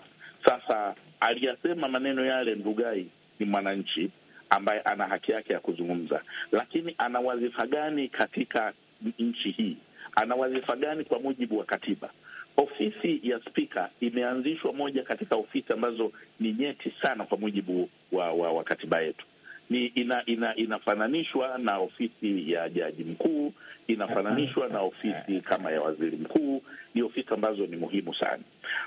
Sasa aliyasema maneno yale Ndugai ni mwananchi ambaye ana haki yake ya kuzungumza, lakini ana wadhifa gani katika nchi hii? Ana wadhifa gani kwa mujibu wa katiba? Ofisi ya spika imeanzishwa, moja katika ofisi ambazo ni nyeti sana kwa mujibu wa, wa, wa katiba yetu ni ina, ina, inafananishwa na ofisi ya jaji mkuu, inafananishwa na ofisi kama ya waziri mkuu. Ni ofisi ambazo ni muhimu sana.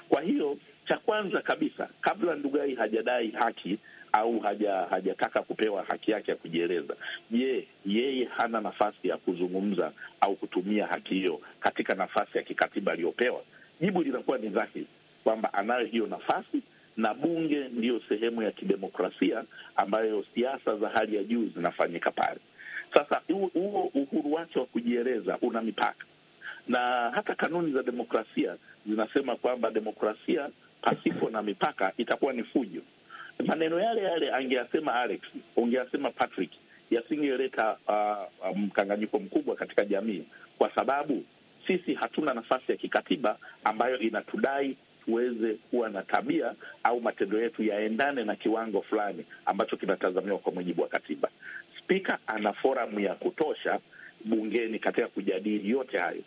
Kwa hiyo cha kwanza kabisa, kabla Ndugai hajadai haki au haja hajataka kupewa haki yake ya kujieleza, je, yeye hana nafasi ya kuzungumza au kutumia haki hiyo katika nafasi ya kikatiba aliyopewa? jibu linakuwa ni dhahiri kwamba anayo hiyo nafasi, na bunge ndiyo sehemu ya kidemokrasia ambayo siasa za hali ya juu zinafanyika pale. Sasa huo uhuru wake wa kujieleza una mipaka, na hata kanuni za demokrasia zinasema kwamba demokrasia pasipo na mipaka itakuwa ni fujo. Maneno yale yale angeyasema Alex, ungeyasema Patrick, yasingeleta uh, uh mkanganyiko mkubwa katika jamii, kwa sababu sisi hatuna nafasi ya kikatiba ambayo inatudai tuweze kuwa na tabia au matendo yetu yaendane na kiwango fulani ambacho kinatazamiwa kwa mujibu wa katiba. Spika ana foramu ya kutosha bungeni katika kujadili yote hayo.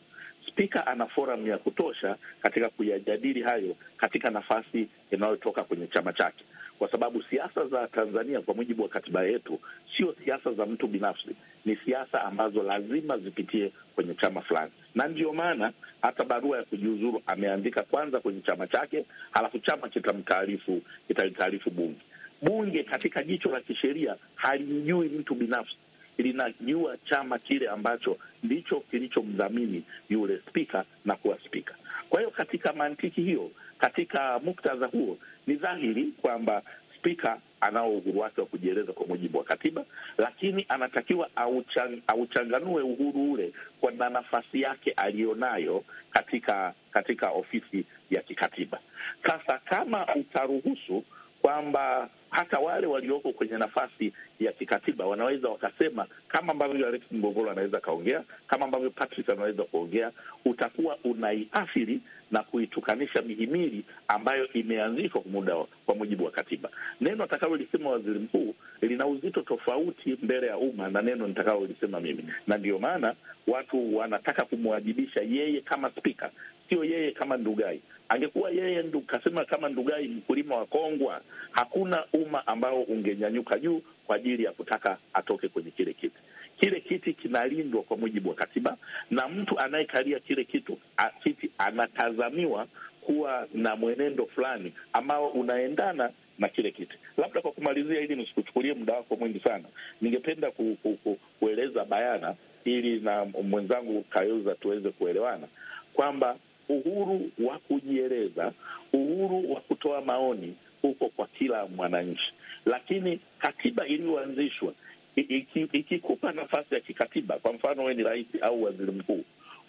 Spika ana foramu ya kutosha katika kuyajadili hayo katika nafasi inayotoka kwenye chama chake kwa sababu siasa za Tanzania kwa mujibu wa katiba yetu sio siasa za mtu binafsi, ni siasa ambazo lazima zipitie kwenye chama fulani, na ndiyo maana hata barua ya kujiuzuru ameandika kwanza kwenye chama chake, halafu chama kitamtaarifu, kitalitaarifu bunge. Bunge katika jicho la kisheria halimjui mtu binafsi, linajua chama kile ambacho ndicho kilichomdhamini yule spika na kuwa spika. Kwa hiyo katika mantiki hiyo, katika muktadha huo, ni dhahiri kwamba spika anao uhuru wake wa kujieleza kwa mujibu wa katiba, lakini anatakiwa auchang, auchanganue uhuru ule kwa na nafasi yake aliyonayo katika katika ofisi ya kikatiba. Sasa kama utaruhusu kwamba hata wale walioko kwenye nafasi ya kikatiba wanaweza wakasema kama ambavyo Alex mgogoro anaweza akaongea, kama ambavyo Patrick anaweza kuongea, utakuwa unaiathiri na kuitukanisha mihimili ambayo imeanzishwa kwa muda kwa mujibu wa katiba. Neno atakalolisema waziri mkuu lina uzito tofauti mbele ya umma na neno nitakalolisema mimi, na ndio maana watu wanataka kumwajibisha yeye kama spika sio yeye kama Ndugai. Angekuwa yeye ndu, kasema kama Ndugai mkulima wa Kongwa, hakuna umma ambao ungenyanyuka juu kwa ajili ya kutaka atoke kwenye kile kiti. Kile kiti kinalindwa kwa mujibu wa katiba, na mtu anayekalia kile kitu kiti anatazamiwa kuwa na mwenendo fulani ambao unaendana na kile kiti. Labda kwa kumalizia, ili nisikuchukulie muda wako mwingi sana, ningependa ku, ku, ku, kueleza bayana ili na mwenzangu Kayoza tuweze kuelewana kwamba uhuru wa kujieleza, uhuru wa kutoa maoni huko kwa kila mwananchi. Lakini katiba iliyoanzishwa ikikupa iki nafasi ya kikatiba, kwa mfano wewe ni rais au waziri mkuu,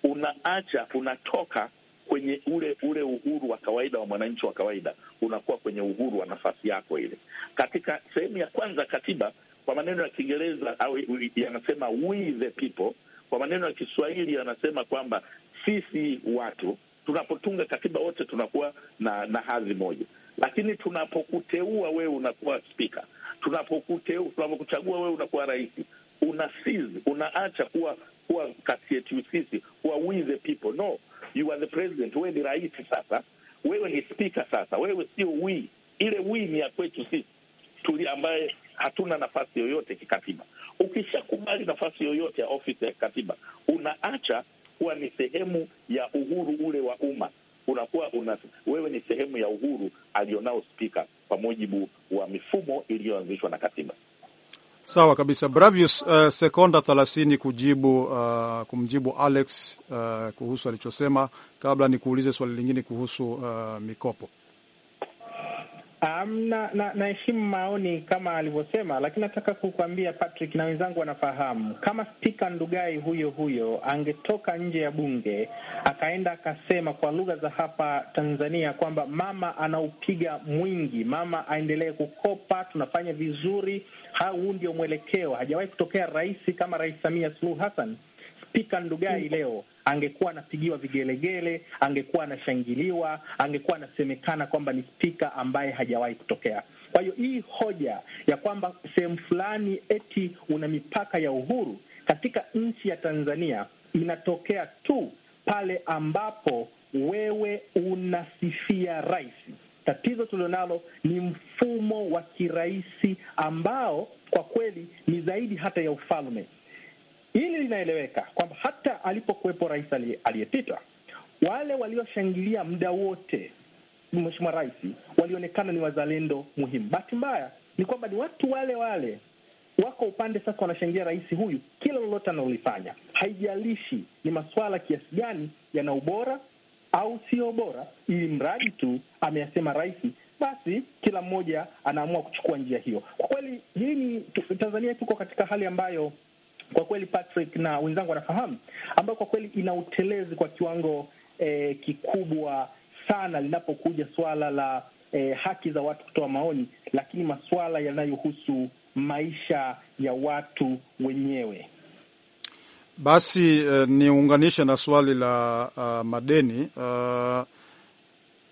unaacha unatoka kwenye ule ule uhuru wa kawaida wa mwananchi wa kawaida, unakuwa kwenye uhuru wa nafasi yako ile. Katika sehemu ya kwanza katiba, kwa maneno ya Kiingereza au yanasema we the people, kwa maneno ya Kiswahili yanasema kwamba sisi watu tunapotunga katiba wote tunakuwa na, na hadhi moja, lakini tunapokuteua wewe unakuwa spika, tunapokuteua tunapokuchagua wewe unakuwa rais, una seize, unaacha kuwa kuwa kati yetu sisi, kuwa we the people. No, you are the president, wewe ni rais sasa, wewe ni spika sasa, wewe sio we. Ile we ni ya kwetu sisi tuli ambaye hatuna nafasi yoyote kikatiba. Ukishakubali nafasi yoyote ya ofisi ya kikatiba, unaacha unakuwa ni sehemu ya uhuru ule wa umma, unakuwa una, wewe ni sehemu ya uhuru alionao spika kwa mujibu wa mifumo iliyoanzishwa na katiba. Sawa kabisa, Bravius. Uh, sekonda thelathini kujibu uh, kumjibu Alex uh, kuhusu alichosema. Kabla ni kuulize swali lingine kuhusu uh, mikopo Um, na naheshimu maoni kama alivyosema, lakini nataka kukuambia Patrick na wenzangu wanafahamu, kama Spika Ndugai huyo huyo angetoka nje ya bunge akaenda akasema kwa lugha za hapa Tanzania kwamba mama anaupiga mwingi, mama aendelee kukopa, tunafanya vizuri, huu ndio mwelekeo. Hajawahi kutokea rais kama Rais Samia Suluhu Hassan Pika Ndugai leo angekuwa anapigiwa vigelegele, angekuwa anashangiliwa, angekuwa anasemekana kwamba ni spika ambaye hajawahi kutokea. Kwa hiyo hii hoja ya kwamba sehemu fulani eti una mipaka ya uhuru katika nchi ya Tanzania inatokea tu pale ambapo wewe unasifia rais. Tatizo tulilonalo ni mfumo wa kiraisi ambao kwa kweli ni zaidi hata ya ufalme. Hili linaeleweka kwamba hata alipokuwepo rais aliyepita, wale walioshangilia muda wote mheshimiwa rais walionekana ni wazalendo muhimu. Bahati mbaya ni kwamba ni watu wale wale wako upande sasa, wanashangilia rais huyu kila lolote analolifanya, haijalishi ni masuala kiasi gani yana ubora au sio bora, ili mradi tu ameyasema rais, basi kila mmoja anaamua kuchukua njia hiyo. Kwa kweli, hii ni Tanzania, tuko katika hali ambayo kwa kweli Patrick na wenzangu wanafahamu, ambayo kwa kweli ina utelezi kwa kiwango eh, kikubwa sana linapokuja suala la eh, haki za watu kutoa maoni, lakini masuala yanayohusu maisha ya watu wenyewe. Basi eh, niunganishe na swali la uh, madeni uh,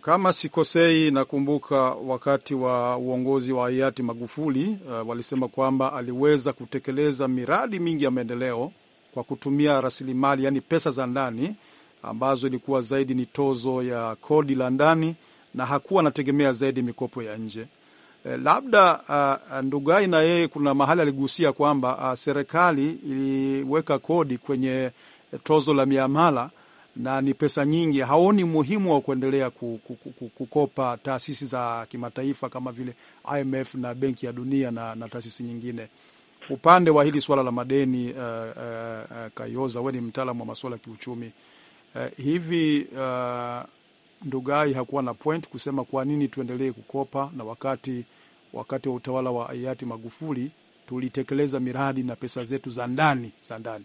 kama sikosei, nakumbuka wakati wa uongozi wa hayati Magufuli uh, walisema kwamba aliweza kutekeleza miradi mingi ya maendeleo kwa kutumia rasilimali, yani pesa za ndani ambazo ilikuwa zaidi ni tozo ya kodi la ndani na hakuwa anategemea zaidi mikopo ya nje. E, labda uh, eh, Ndugai na yeye kuna mahali aligusia kwamba uh, serikali iliweka kodi kwenye tozo la miamala na ni pesa nyingi, haoni muhimu wa kuendelea kukopa taasisi za kimataifa kama vile IMF na Benki ya Dunia na, na taasisi nyingine. Upande wa hili suala la madeni uh, uh, Kayoza, we ni mtaalamu wa masuala ya kiuchumi uh, hivi uh, Ndugai hakuwa na point kusema kwa nini tuendelee kukopa, na wakati wakati wa utawala wa hayati Magufuli tulitekeleza miradi na pesa zetu za ndani za ndani.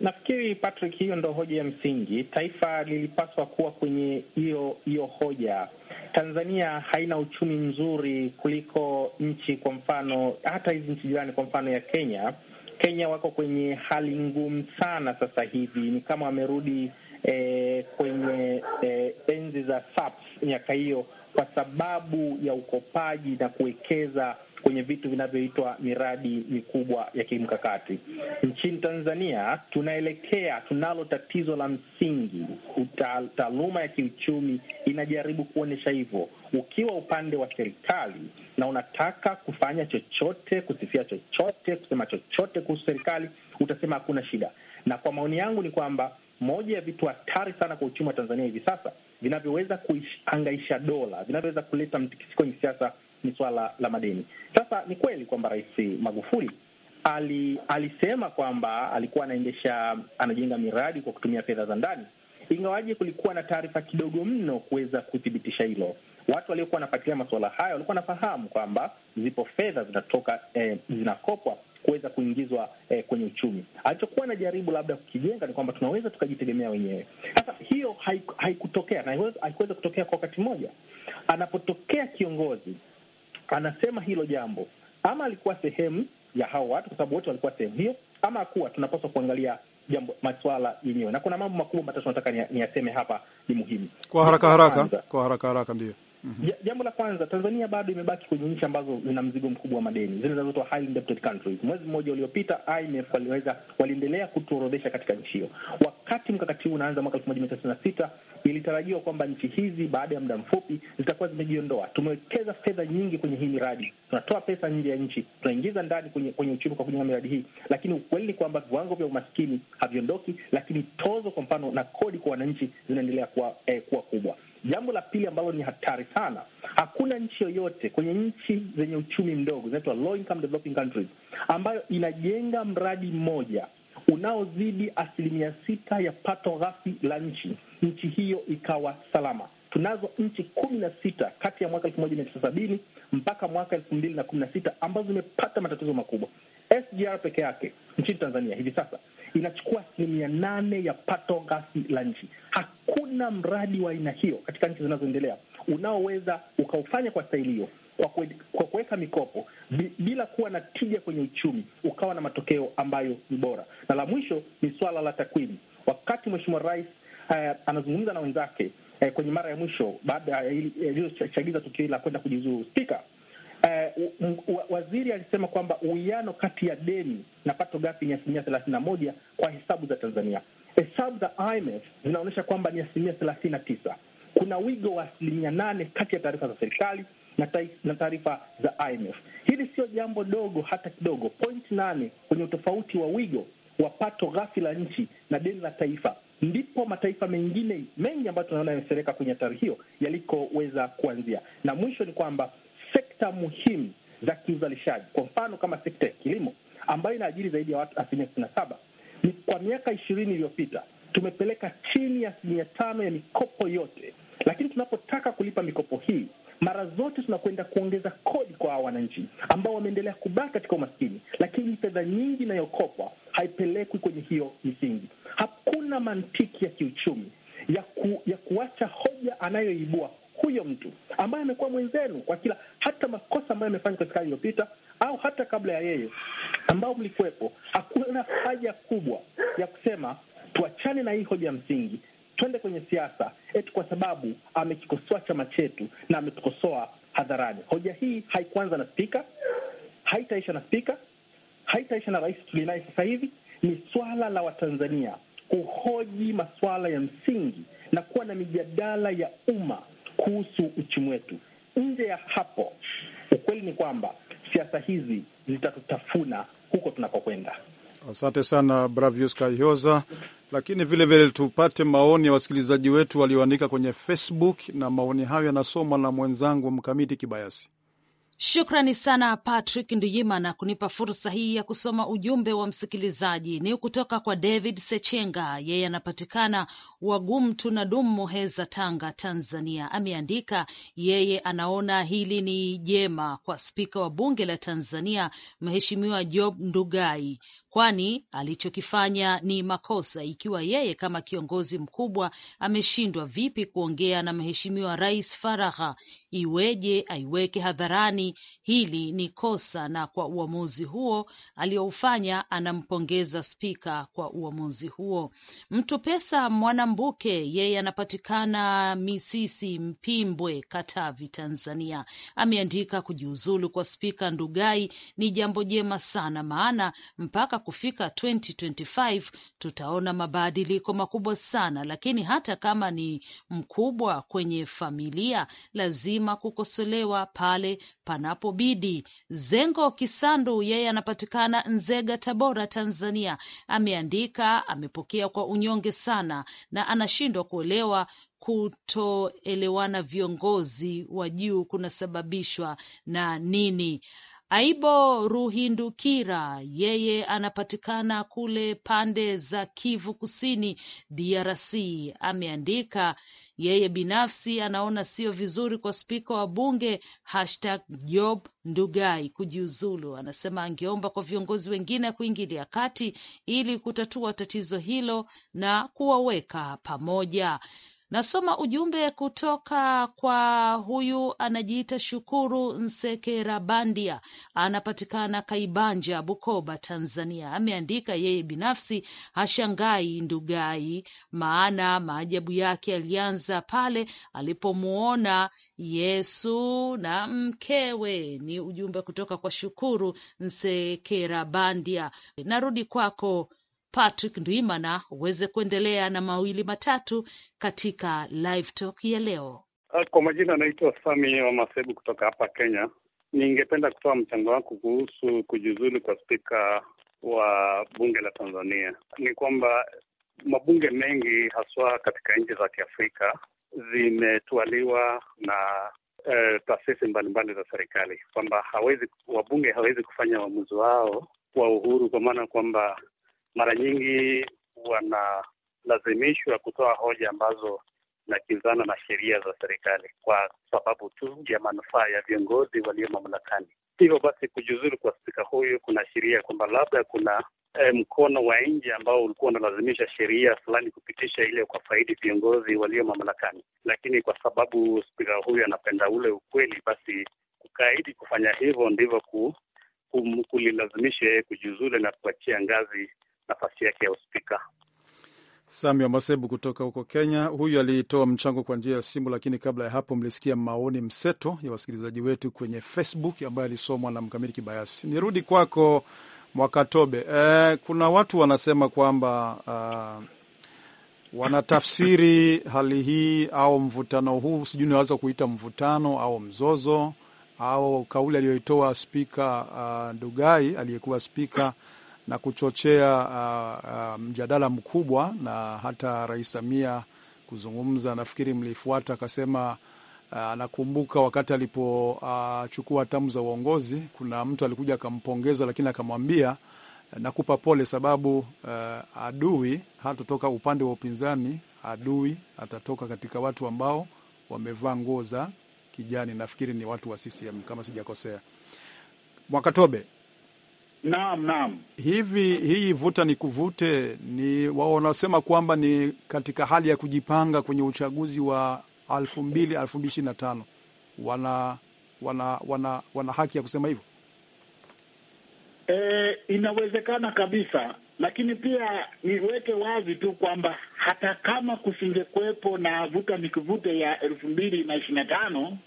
Nafikiri Patrick, hiyo ndo hoja ya msingi. Taifa lilipaswa kuwa kwenye hiyo hiyo hoja. Tanzania haina uchumi mzuri kuliko nchi, kwa mfano hata hizi nchi jirani, kwa mfano ya Kenya. Kenya wako kwenye hali ngumu sana sasa hivi, ni kama wamerudi eh, kwenye eh, enzi za SAPS miaka hiyo, kwa sababu ya ukopaji na kuwekeza kwenye vitu vinavyoitwa miradi mikubwa ya kimkakati. Nchini Tanzania tunaelekea, tunalo tatizo la msingi. Taaluma ya kiuchumi inajaribu kuonyesha hivyo. Ukiwa upande wa serikali na unataka kufanya chochote, kusifia chochote, kusema chochote kuhusu serikali, utasema hakuna shida. Na kwa maoni yangu ni kwamba moja ya vitu hatari sana kwa uchumi wa Tanzania hivi sasa, vinavyoweza kuangaisha dola, vinavyoweza kuleta mtikisiko kwenye siasa ni swala la madeni. Sasa ni kweli kwamba Rais Magufuli ali, alisema kwamba alikuwa anaendesha anajenga miradi kwa kutumia fedha za ndani, ingawaje kulikuwa na taarifa kidogo mno kuweza kuthibitisha hilo. Watu waliokuwa wanafuatilia masuala hayo walikuwa wanafahamu kwamba zipo fedha zinatoka eh, zinakopwa kuweza kuingizwa eh, kwenye uchumi. Alichokuwa na jaribu labda kukijenga ni kwamba tunaweza tukajitegemea wenyewe. Sasa hiyo haikutokea, haikuweza kutokea kwa wakati mmoja. Anapotokea kiongozi anasema hilo jambo, ama alikuwa sehemu ya hao watu, kwa sababu wote walikuwa sehemu hiyo, ama hakuwa. Tunapaswa kuangalia jambo maswala yenyewe, na kuna mambo makubwa matatu nataka niyaseme hapa, ni muhimu. Kwa haraka haraka, kwa haraka haraka, ndio Mm-hmm. Jambo la kwanza, Tanzania bado imebaki kwenye nchi ambazo zina mzigo mkubwa wa madeni, zile zinazoitwa high indebted countries. Mwezi mmoja uliopita IMF waliweza waliendelea kutuorodhesha katika nchi hiyo. Wakati mkakati huu unaanza mwaka elfu moja mia tisa tisini na sita ilitarajiwa kwamba nchi hizi baada ya muda mfupi zitakuwa zimejiondoa. Tumewekeza fedha nyingi kwenye hii miradi, tunatoa pesa nje ya nchi, tunaingiza ndani kwenye, kwenye uchumi kwa kujenga miradi hii, lakini ukweli ni kwamba viwango vya umaskini haviondoki, lakini tozo kwa mfano na kodi kwa wananchi zinaendelea kuwa, eh, kuwa kubwa. Jambo la pili ambalo ni hatari sana, hakuna nchi yoyote kwenye nchi zenye uchumi mdogo zinaitwa low income developing countries ambayo inajenga mradi mmoja unaozidi asilimia sita ya pato ghafi la nchi, nchi hiyo ikawa salama. Tunazo nchi kumi na sita kati ya mwaka elfu moja mia tisa sabini mpaka mwaka elfu mbili na kumi na sita ambazo zimepata matatizo makubwa. SGR peke yake nchini Tanzania hivi sasa inachukua asilimia nane ya pato ghafi la nchi. Hakuna mradi wa aina hiyo katika nchi zinazoendelea unaoweza ukaufanya kwa staili hiyo, kwa kuweka mikopo bila kuwa na tija kwenye uchumi, ukawa na matokeo ambayo ni bora. Na la mwisho ni swala la takwimu. Wakati Mheshimiwa Rais uh, anazungumza na wenzake uh, kwenye mara ya mwisho baada ya uh, iliyochagiza tukio hili la kwenda kujiuzuru spika uh, waziri alisema kwamba uwiano kati ya deni na pato gapi ni asilimia thelathini na moja kwa hesabu za Tanzania. Hesabu za IMF zinaonyesha kwamba ni asilimia thelathini na tisa. Kuna wigo wa asilimia nane kati ya taarifa za serikali na taarifa za IMF. Hili sio jambo dogo hata kidogo. Point nane kwenye utofauti wa wigo wa pato ghafi la nchi na deni la taifa, ndipo mataifa mengine mengi ambayo tunaona yamesereka kwenye hatari hiyo yalikoweza kuanzia. Na mwisho ni kwamba sekta muhimu za kiuzalishaji, kwa mfano kama sekta ya kilimo ambayo inaajiri zaidi ya watu asilimia sitini na saba ni kwa miaka ishirini iliyopita tumepeleka chini ya asilimia tano ya mikopo yote, lakini tunapotaka kulipa mikopo hii mara zote tunakwenda kuongeza kodi kwa hawa wananchi ambao wameendelea kubaki katika umaskini, lakini fedha nyingi inayokopwa haipelekwi kwenye hiyo misingi. Hakuna mantiki ya kiuchumi ya, ku, ya kuacha hoja anayoibua huyo mtu ambaye amekuwa mwenzenu kwa kila hata makosa ambayo amefanya katika iliyopita au hata kabla ya yeye, ambao mlikuwepo, hakuna haja kubwa ya kusema tuachane na hii hoja ya msingi twende kwenye siasa eti kwa sababu amekikosoa chama chetu na ametukosoa hadharani. Hoja hii haikuanza na spika, haitaisha na spika, haitaisha na rais tulinaye sasa hivi. Ni swala la Watanzania kuhoji masuala ya msingi na kuwa na mijadala ya umma kuhusu uchumi wetu. Nje ya hapo, ukweli ni kwamba siasa hizi zitatutafuna huko tunakokwenda. Asante sana Bravius Kayoza, lakini vilevile tupate maoni ya wasikilizaji wetu walioandika kwenye Facebook, na maoni hayo yanasomwa na mwenzangu Mkamiti Kibayasi. Shukrani sana Patrick Nduyima na kunipa fursa hii ya kusoma ujumbe wa msikilizaji. Ni kutoka kwa David Sechenga, yeye anapatikana Wagumtu na Dum, Muheza, Tanga, Tanzania. Ameandika yeye anaona hili ni jema kwa spika wa bunge la Tanzania, Mheshimiwa Job Ndugai kwani alichokifanya ni makosa ikiwa yeye kama kiongozi mkubwa ameshindwa vipi kuongea na mheshimiwa rais faragha iweje aiweke hadharani hili ni kosa na kwa uamuzi huo aliyoufanya anampongeza spika kwa uamuzi huo mtu pesa mwanambuke yeye anapatikana misisi mpimbwe katavi tanzania ameandika kujiuzulu kwa spika ndugai ni jambo jema sana maana mpaka kufika 2025 tutaona mabadiliko makubwa sana, lakini hata kama ni mkubwa kwenye familia, lazima kukosolewa pale panapobidi. Zengo Kisandu yeye anapatikana Nzega, Tabora, Tanzania, ameandika amepokea kwa unyonge sana na anashindwa kuelewa kutoelewana viongozi wa juu kunasababishwa na nini. Aibo Ruhindukira yeye anapatikana kule pande za Kivu Kusini DRC ameandika yeye binafsi anaona sio vizuri kwa spika wa bunge hashtag Job Ndugai kujiuzulu. Anasema angeomba kwa viongozi wengine kuingilia kati ili kutatua tatizo hilo na kuwaweka pamoja. Nasoma ujumbe kutoka kwa huyu anajiita Shukuru Nsekerabandia, anapatikana Kaibanja, Bukoba, Tanzania. Ameandika yeye binafsi hashangai Ndugai, maana maajabu yake alianza pale alipomwona Yesu na mkewe. Ni ujumbe kutoka kwa Shukuru Nsekerabandia. Narudi kwako Patrick Ndwimana uweze kuendelea na mawili matatu katika live talk ya leo. Ah, kwa majina anaitwa Sami wa Masebu kutoka hapa Kenya. Ningependa kutoa mchango wangu kuhusu kujiuzulu kwa spika wa bunge la Tanzania. Ni kwamba mabunge mengi haswa katika nchi za Kiafrika zimetwaliwa na e, taasisi mbalimbali za serikali kwamba hawezi wabunge hawezi kufanya uamuzi wao kwa uhuru, kwa maana kwamba mara nyingi wanalazimishwa kutoa hoja ambazo nakizana na sheria za serikali kwa sababu tu ya manufaa ya viongozi walio mamlakani. Hivyo basi kujiuzulu kwa spika huyu kuna sheria kwamba labda kuna eh, mkono wa nje ambao ulikuwa unalazimisha sheria fulani kupitisha ile kwa faidi viongozi walio mamlakani, lakini kwa sababu spika huyu anapenda ule ukweli, basi kukaidi kufanya hivyo ndivyo ku, kulilazimisha yeye kujiuzulu na kuachia ngazi nafasi yake ya uspika. Samuel Masebu kutoka huko Kenya, huyu alitoa mchango kwa njia ya simu, lakini kabla ya hapo mlisikia maoni mseto ya wasikilizaji wetu kwenye Facebook ambayo alisomwa na mkamiti Kibayasi. Nirudi kwako Mwakatobe. E, kuna watu wanasema kwamba uh, wanatafsiri hali hii au mvutano huu, sijui naweza kuita mvutano au mzozo au kauli aliyoitoa spika uh, Ndugai aliyekuwa spika na kuchochea uh, uh, mjadala mkubwa, na hata Rais Samia kuzungumza, nafikiri mlifuata, akasema uh, anakumbuka uh, wakati alipochukua uh, tamu za uongozi, kuna mtu alikuja akampongeza, lakini akamwambia uh, nakupa pole sababu uh, adui hatotoka upande wa upinzani, adui atatoka katika watu ambao wamevaa nguo za kijani. Nafikiri ni watu wa CCM kama sijakosea. Mwakatobe Naam, naam. Hivi hii vuta ni kuvute ni wao wanasema kwamba ni katika hali ya kujipanga kwenye uchaguzi wa elfu mbili elfu mbili ishirini na tano wana wana wana wana haki ya kusema hivyo. E, inawezekana kabisa, lakini pia niweke wazi tu kwamba hata kama kusingekuwepo na vuta kuvute ya elfu mbili na ishirini na tano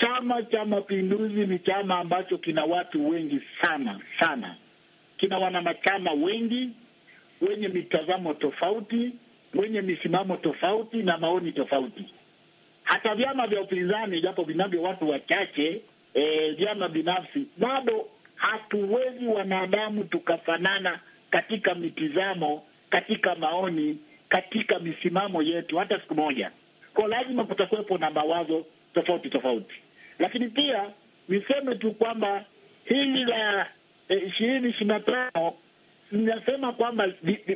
Chama cha Mapinduzi ni chama ambacho kina watu wengi sana sana, kina wanachama wengi wenye mitazamo tofauti, wenye misimamo tofauti na maoni tofauti. Hata vyama vya upinzani, japo vinavyo watu wachache, e, vyama binafsi, bado hatuwezi wanadamu tukafanana katika mitizamo, katika maoni, katika misimamo yetu hata siku moja. Kwa lazima kutakuwepo na mawazo tofauti tofauti. Lakini pia niseme tu kwamba hili la eh, ishirini eh, ishirini na tano ninasema kwamba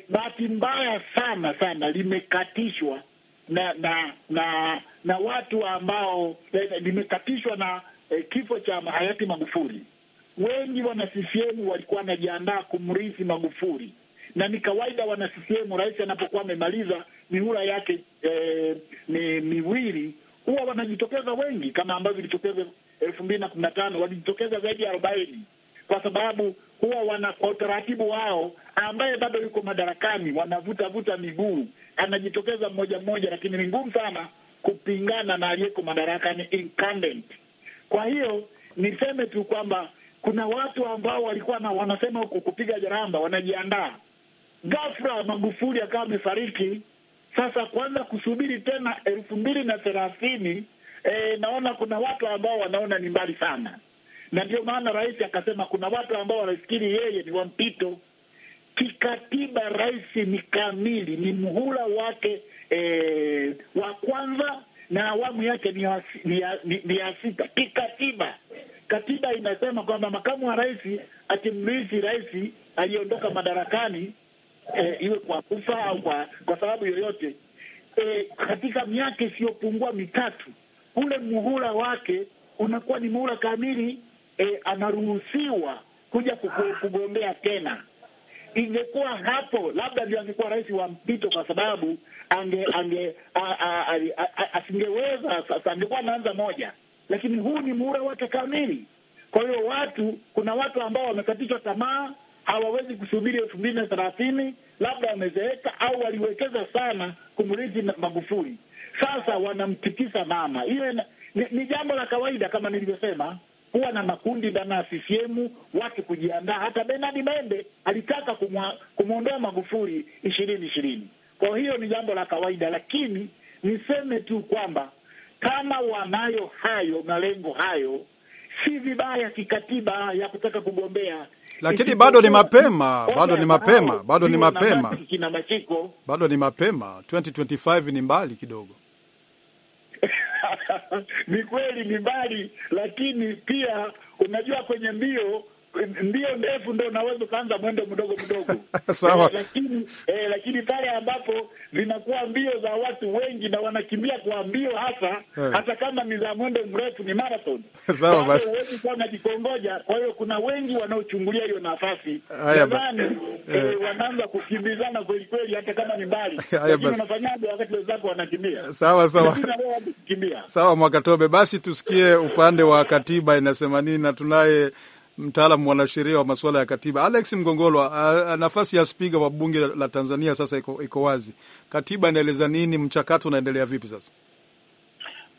bahati mbaya sana sana limekatishwa na na na na watu ambao eh, limekatishwa na eh, kifo cha hayati Magufuli. Wengi wana CCM walikuwa wanajiandaa kumrithi Magufuli, na ni kawaida wana CCM, rais anapokuwa amemaliza mihula yake eh, ni miwili huwa wanajitokeza wengi, kama ambavyo ilitokeza elfu mbili na kumi na tano walijitokeza zaidi ya arobaini kwa sababu huwa wana kwa utaratibu wao, ambaye bado yuko madarakani wanavutavuta miguu, anajitokeza mmoja mmoja, lakini ni ngumu sana kupingana na aliyeko madarakani incumbent. Kwa hiyo niseme tu kwamba kuna watu ambao walikuwa na wanasema huku kupiga jaramba, wanajiandaa. Ghafla Magufuli akawa amefariki, sasa kwanza kusubiri tena elfu mbili na thelathini, e, naona kuna watu ambao wanaona ni mbali sana, na ndio maana rais akasema kuna watu ambao wanafikiri yeye ni wa mpito. Kikatiba rais ni kamili, ni muhula wake e, wa kwanza na awamu yake ni ya, ni ya, ni, ni ya sita kikatiba. Katiba inasema kwamba makamu wa rais akimrithi rais aliyeondoka madarakani eh, iwe kwa kufa au kwa, kwa sababu yoyote eh, katika miaka isiyopungua mitatu, ule muhula wake unakuwa ni muhula kamili eh, anaruhusiwa kuja kugombea tena. Ingekuwa hapo labda ndio angekuwa rais wa mpito, kwa sababu ange, ange asingeweza sasa, angekuwa anaanza moja, lakini huu ni muhula wake kamili. Kwa hiyo watu, kuna watu ambao wamekatishwa tamaa hawawezi kusubiri elfu mbili na thelathini, labda wamezeeka au waliwekeza sana kumrithi Magufuli. Sasa wanamtikisa mama. Hiyo ni, ni jambo la kawaida kama nilivyosema kuwa na makundi ndani ya CCM watu kujiandaa. Hata Bernard Membe alitaka kumwondoa Magufuli ishirini ishirini. Kwa hiyo ni jambo la kawaida, lakini niseme tu kwamba kama wanayo hayo malengo hayo si vibaya kikatiba ya kutaka kugombea, lakini bado ni mapema, bado ni mapema, bado ni mapema, bado ni mapema. 2025 ni mbali kidogo. Ni kweli ni mbali, lakini pia unajua kwenye mbio mbio ndefu ndo unaweza ukaanza mwendo mdogo mdogo sawa. Eh, lakini e, lakini pale ambapo zinakuwa mbio za watu wengi na wanakimbia kwa mbio hasa hey, eh. hata kama ni za mwendo mrefu ni marathon sawa, basi wengi sana kikongoja. Kwa hiyo kuna wengi wanaochungulia hiyo nafasi nadhani hey, wanaanza kukimbizana kweli kweli, hata kama ni mbali, lakini wanafanyaje wakati wenzako wanakimbia? Sawa sawa sawa, Mwakatobe, basi tusikie upande wa katiba inasema nini, na tunaye mtaalamu wanasheria wa masuala ya katiba Alex Mgongolwa, nafasi ya spika wa bunge la Tanzania sasa iko, iko wazi. Katiba inaeleza nini? Mchakato unaendelea vipi sasa?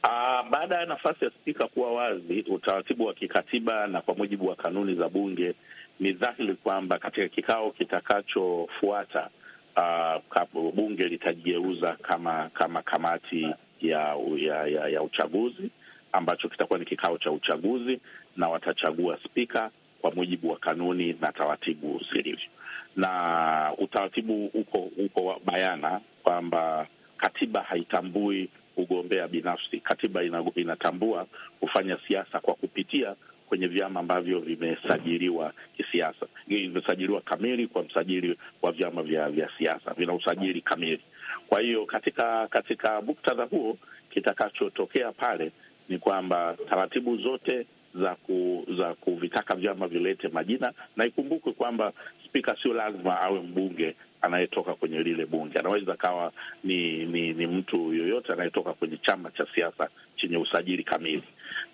Uh, baada ya nafasi ya spika kuwa wazi, utaratibu wa kikatiba na kwa mujibu wa kanuni za bunge, ni dhahiri kwamba katika kikao kitakachofuata uh, bunge litajigeuza kama kama kamati ya, ya, ya, ya uchaguzi ambacho kitakuwa ni kikao cha uchaguzi na watachagua spika kwa mujibu wa kanuni na taratibu zilivyo, na utaratibu uko uko bayana kwamba katiba haitambui ugombea binafsi. Katiba inatambua kufanya siasa kwa kupitia kwenye vyama ambavyo vimesajiliwa kisiasa, vimesajiliwa kamili kwa msajili wa vyama vya vya siasa, vina usajili kamili. Kwa hiyo katika katika muktadha huo, kitakachotokea pale ni kwamba taratibu zote za ku, za kuvitaka vyama vilete majina, na ikumbukwe kwamba spika sio lazima awe mbunge anayetoka kwenye lile bunge, anaweza kawa ni, ni ni mtu yoyote anayetoka kwenye chama cha siasa chenye usajili kamili.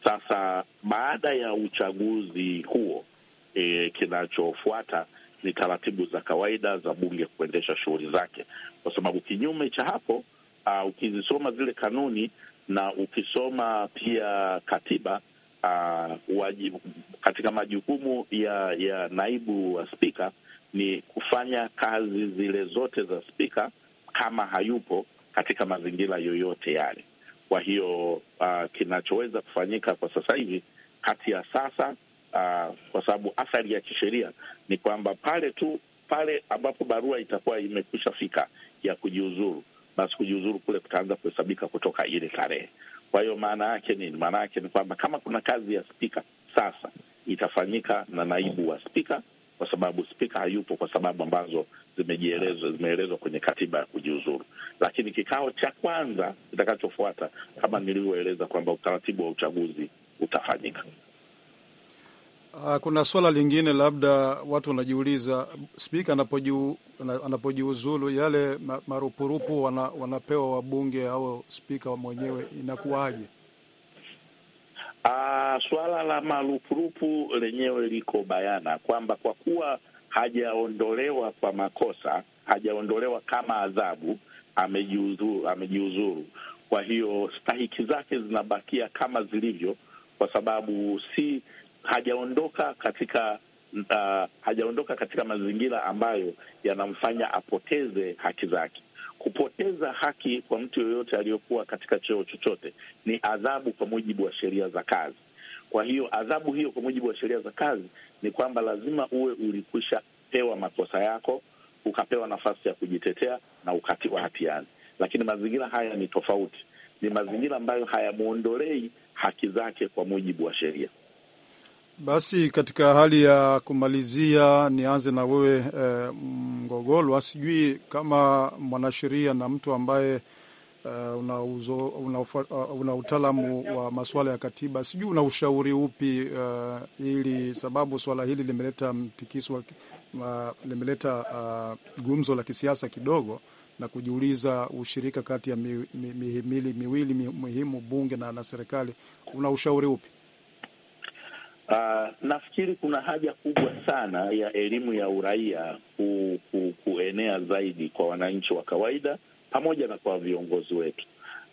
Sasa baada ya uchaguzi huo e, kinachofuata ni taratibu za kawaida za bunge kuendesha shughuli zake, kwa sababu kinyume cha hapo uh, ukizisoma zile kanuni na ukisoma pia katiba uh, wajibu, katika majukumu ya ya naibu wa spika ni kufanya kazi zile zote za spika kama hayupo katika mazingira yoyote yale. Kwa hiyo uh, kinachoweza kufanyika kwa sasa hivi kati ya sasa uh, kwa sababu athari ya kisheria ni kwamba pale tu pale ambapo barua itakuwa imekwisha fika ya kujiuzuru, basi kujiuzuru kule kutaanza kuhesabika kutoka ile tarehe. Kwa hiyo maana yake nini? Maana yake ni kwamba kama kuna kazi ya spika sasa itafanyika na naibu wa spika, kwa sababu spika hayupo kwa sababu ambazo zimejielezwa zimeelezwa kwenye katiba ya kujiuzuru. Lakini kikao cha kwanza kitakachofuata, kama nilivyoeleza, kwamba utaratibu wa uchaguzi utafanyika. Ah, kuna swala lingine labda watu wanajiuliza, spika anapojiuzulu yale marupurupu wana, wanapewa wabunge au spika mwenyewe inakuwaje? Uh, swala la marupurupu lenyewe liko bayana kwamba kwa kuwa hajaondolewa kwa makosa, hajaondolewa kama adhabu, amejiuzuru, amejiuzuru. Kwa hiyo stahiki zake zinabakia kama zilivyo, kwa sababu si hajaondoka katika uh, hajaondoka katika mazingira ambayo yanamfanya apoteze haki zake. Kupoteza haki kwa mtu yoyote aliyokuwa katika cheo chochote ni adhabu kwa mujibu wa sheria za kazi. Kwa hiyo adhabu hiyo kwa mujibu wa sheria za kazi ni kwamba lazima uwe ulikwisha pewa makosa yako, ukapewa nafasi ya kujitetea na ukatiwa hatiani. Lakini mazingira haya ni tofauti, ni mazingira ambayo hayamwondolei haki zake kwa mujibu wa sheria. Basi katika hali ya kumalizia, nianze na wewe e, eh, Mgogolwa, sijui kama mwanasheria na mtu ambaye e, una, uzo, una, ufa, eh, una utaalamu wa masuala ya katiba, sijui una ushauri upi e, ili sababu swala hili limeleta mtikiso limeleta gumzo la kisiasa kidogo, na kujiuliza ushirika kati ya mihimili mi, mi, miwili mi, muhimu bunge na, na serikali, una ushauri upi? Uh, nafikiri kuna haja kubwa sana ya elimu ya uraia ku, ku, kuenea zaidi kwa wananchi wa kawaida pamoja na kwa viongozi wetu.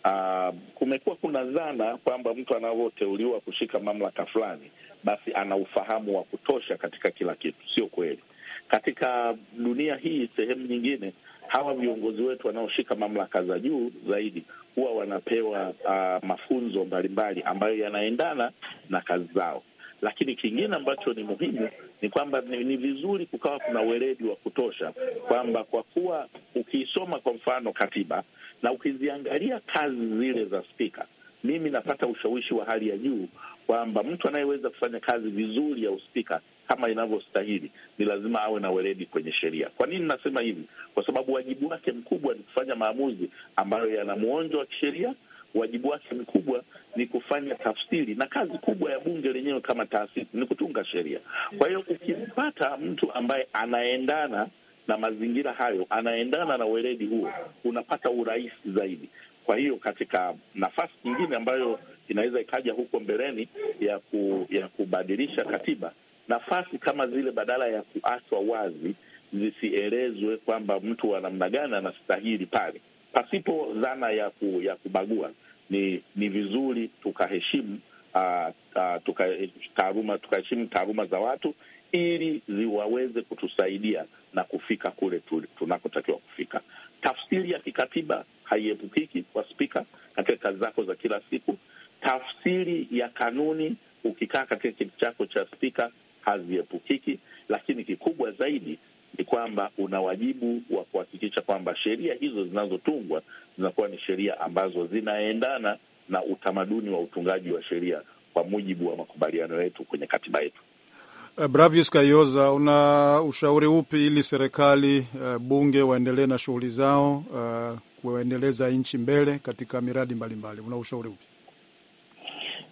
Uh, kumekuwa kuna dhana kwamba mtu anavyoteuliwa kushika mamlaka fulani basi ana ufahamu wa kutosha katika kila kitu. Sio kweli. Katika dunia hii, sehemu nyingine, hawa viongozi wetu wanaoshika mamlaka za juu zaidi huwa wanapewa uh, mafunzo mbalimbali ambayo yanaendana na kazi zao. Lakini kingine ambacho ni muhimu ni kwamba ni, ni vizuri kukawa kuna weledi wa kutosha, kwamba kwa kuwa ukiisoma kwa mfano katiba na ukiziangalia kazi zile za spika, mimi napata ushawishi wa hali ya juu kwamba mtu anayeweza kufanya kazi vizuri ya uspika kama inavyostahili ni lazima awe na weledi kwenye sheria. Kwa nini nasema hivi? Kwa sababu wajibu wake mkubwa ni kufanya maamuzi ambayo yana mwonjo wa kisheria wajibu wake mkubwa ni kufanya tafsiri, na kazi kubwa ya bunge lenyewe kama taasisi ni kutunga sheria. Kwa hiyo ukimpata mtu ambaye anaendana na mazingira hayo, anaendana na weledi huo, unapata urahisi zaidi. Kwa hiyo katika nafasi nyingine ambayo inaweza ikaja huko mbeleni ya ku, ya kubadilisha katiba, nafasi kama zile badala ya kuachwa wazi zisielezwe kwamba mtu wa namna gani anastahili pale pasipo dhana ya ku, ya kubagua. Ni ni vizuri tukaheshimu ah, ah, taaluma tuka, za watu ili ziwaweze kutusaidia na kufika kule tunakotakiwa kufika. Tafsiri ya kikatiba haiepukiki kwa Spika katika kazi zako za kila siku. Tafsiri ya kanuni ukikaa katika kiti chako cha spika haziepukiki, lakini kikubwa zaidi ni kwamba una wajibu wa kuhakikisha kwamba sheria hizo zinazotungwa zinakuwa ni sheria ambazo zinaendana na utamaduni wa utungaji wa sheria kwa mujibu wa makubaliano yetu kwenye katiba yetu. Eh, Bravius Kayoza, una ushauri upi ili serikali, eh, bunge waendelee na shughuli zao, uh, kuendeleza nchi mbele katika miradi mbalimbali mbali. Una ushauri upi?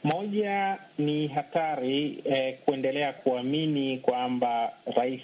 Moja ni hatari eh, kuendelea kuamini kwamba rais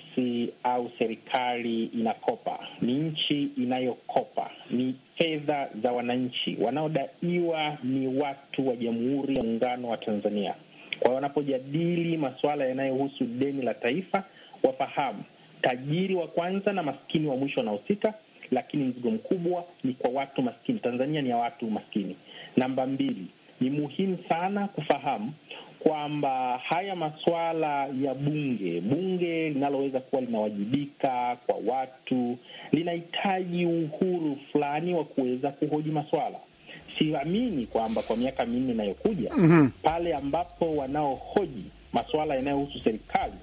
au serikali inakopa. Ni nchi inayokopa, ni fedha za wananchi. Wanaodaiwa ni watu wa Jamhuri ya Muungano wa Tanzania. Kwa hiyo wanapojadili masuala yanayohusu deni la taifa, wafahamu tajiri wa kwanza na maskini wa mwisho wanahusika, lakini mzigo mkubwa ni kwa watu maskini. Tanzania ni ya watu maskini. Namba mbili ni muhimu sana kufahamu kwamba haya masuala ya bunge, bunge linaloweza kuwa linawajibika kwa watu, linahitaji uhuru fulani wa kuweza kuhoji maswala. Siamini kwamba kwa miaka minne inayokuja mm -hmm. pale ambapo wanaohoji masuala yanayohusu serikali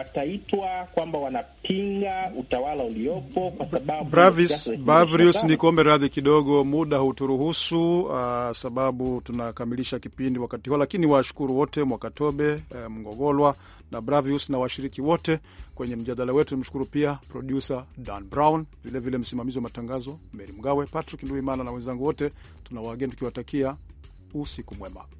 wataitwa kwamba wanapinga utawala uliopo kwa sababu Bravis, Bavrius, ni kuombe radhi kidogo, muda huturuhusu uh, sababu tunakamilisha kipindi wakati huo, lakini washukuru wote Mwakatobe, uh, eh, Mgogolwa na Bravius na washiriki wote kwenye mjadala wetu. Nimshukuru pia producer Dan Brown, vilevile msimamizi wa matangazo Meri Mgawe, Patrick Nduimana na wenzangu wote, tuna wageni tukiwatakia usiku mwema.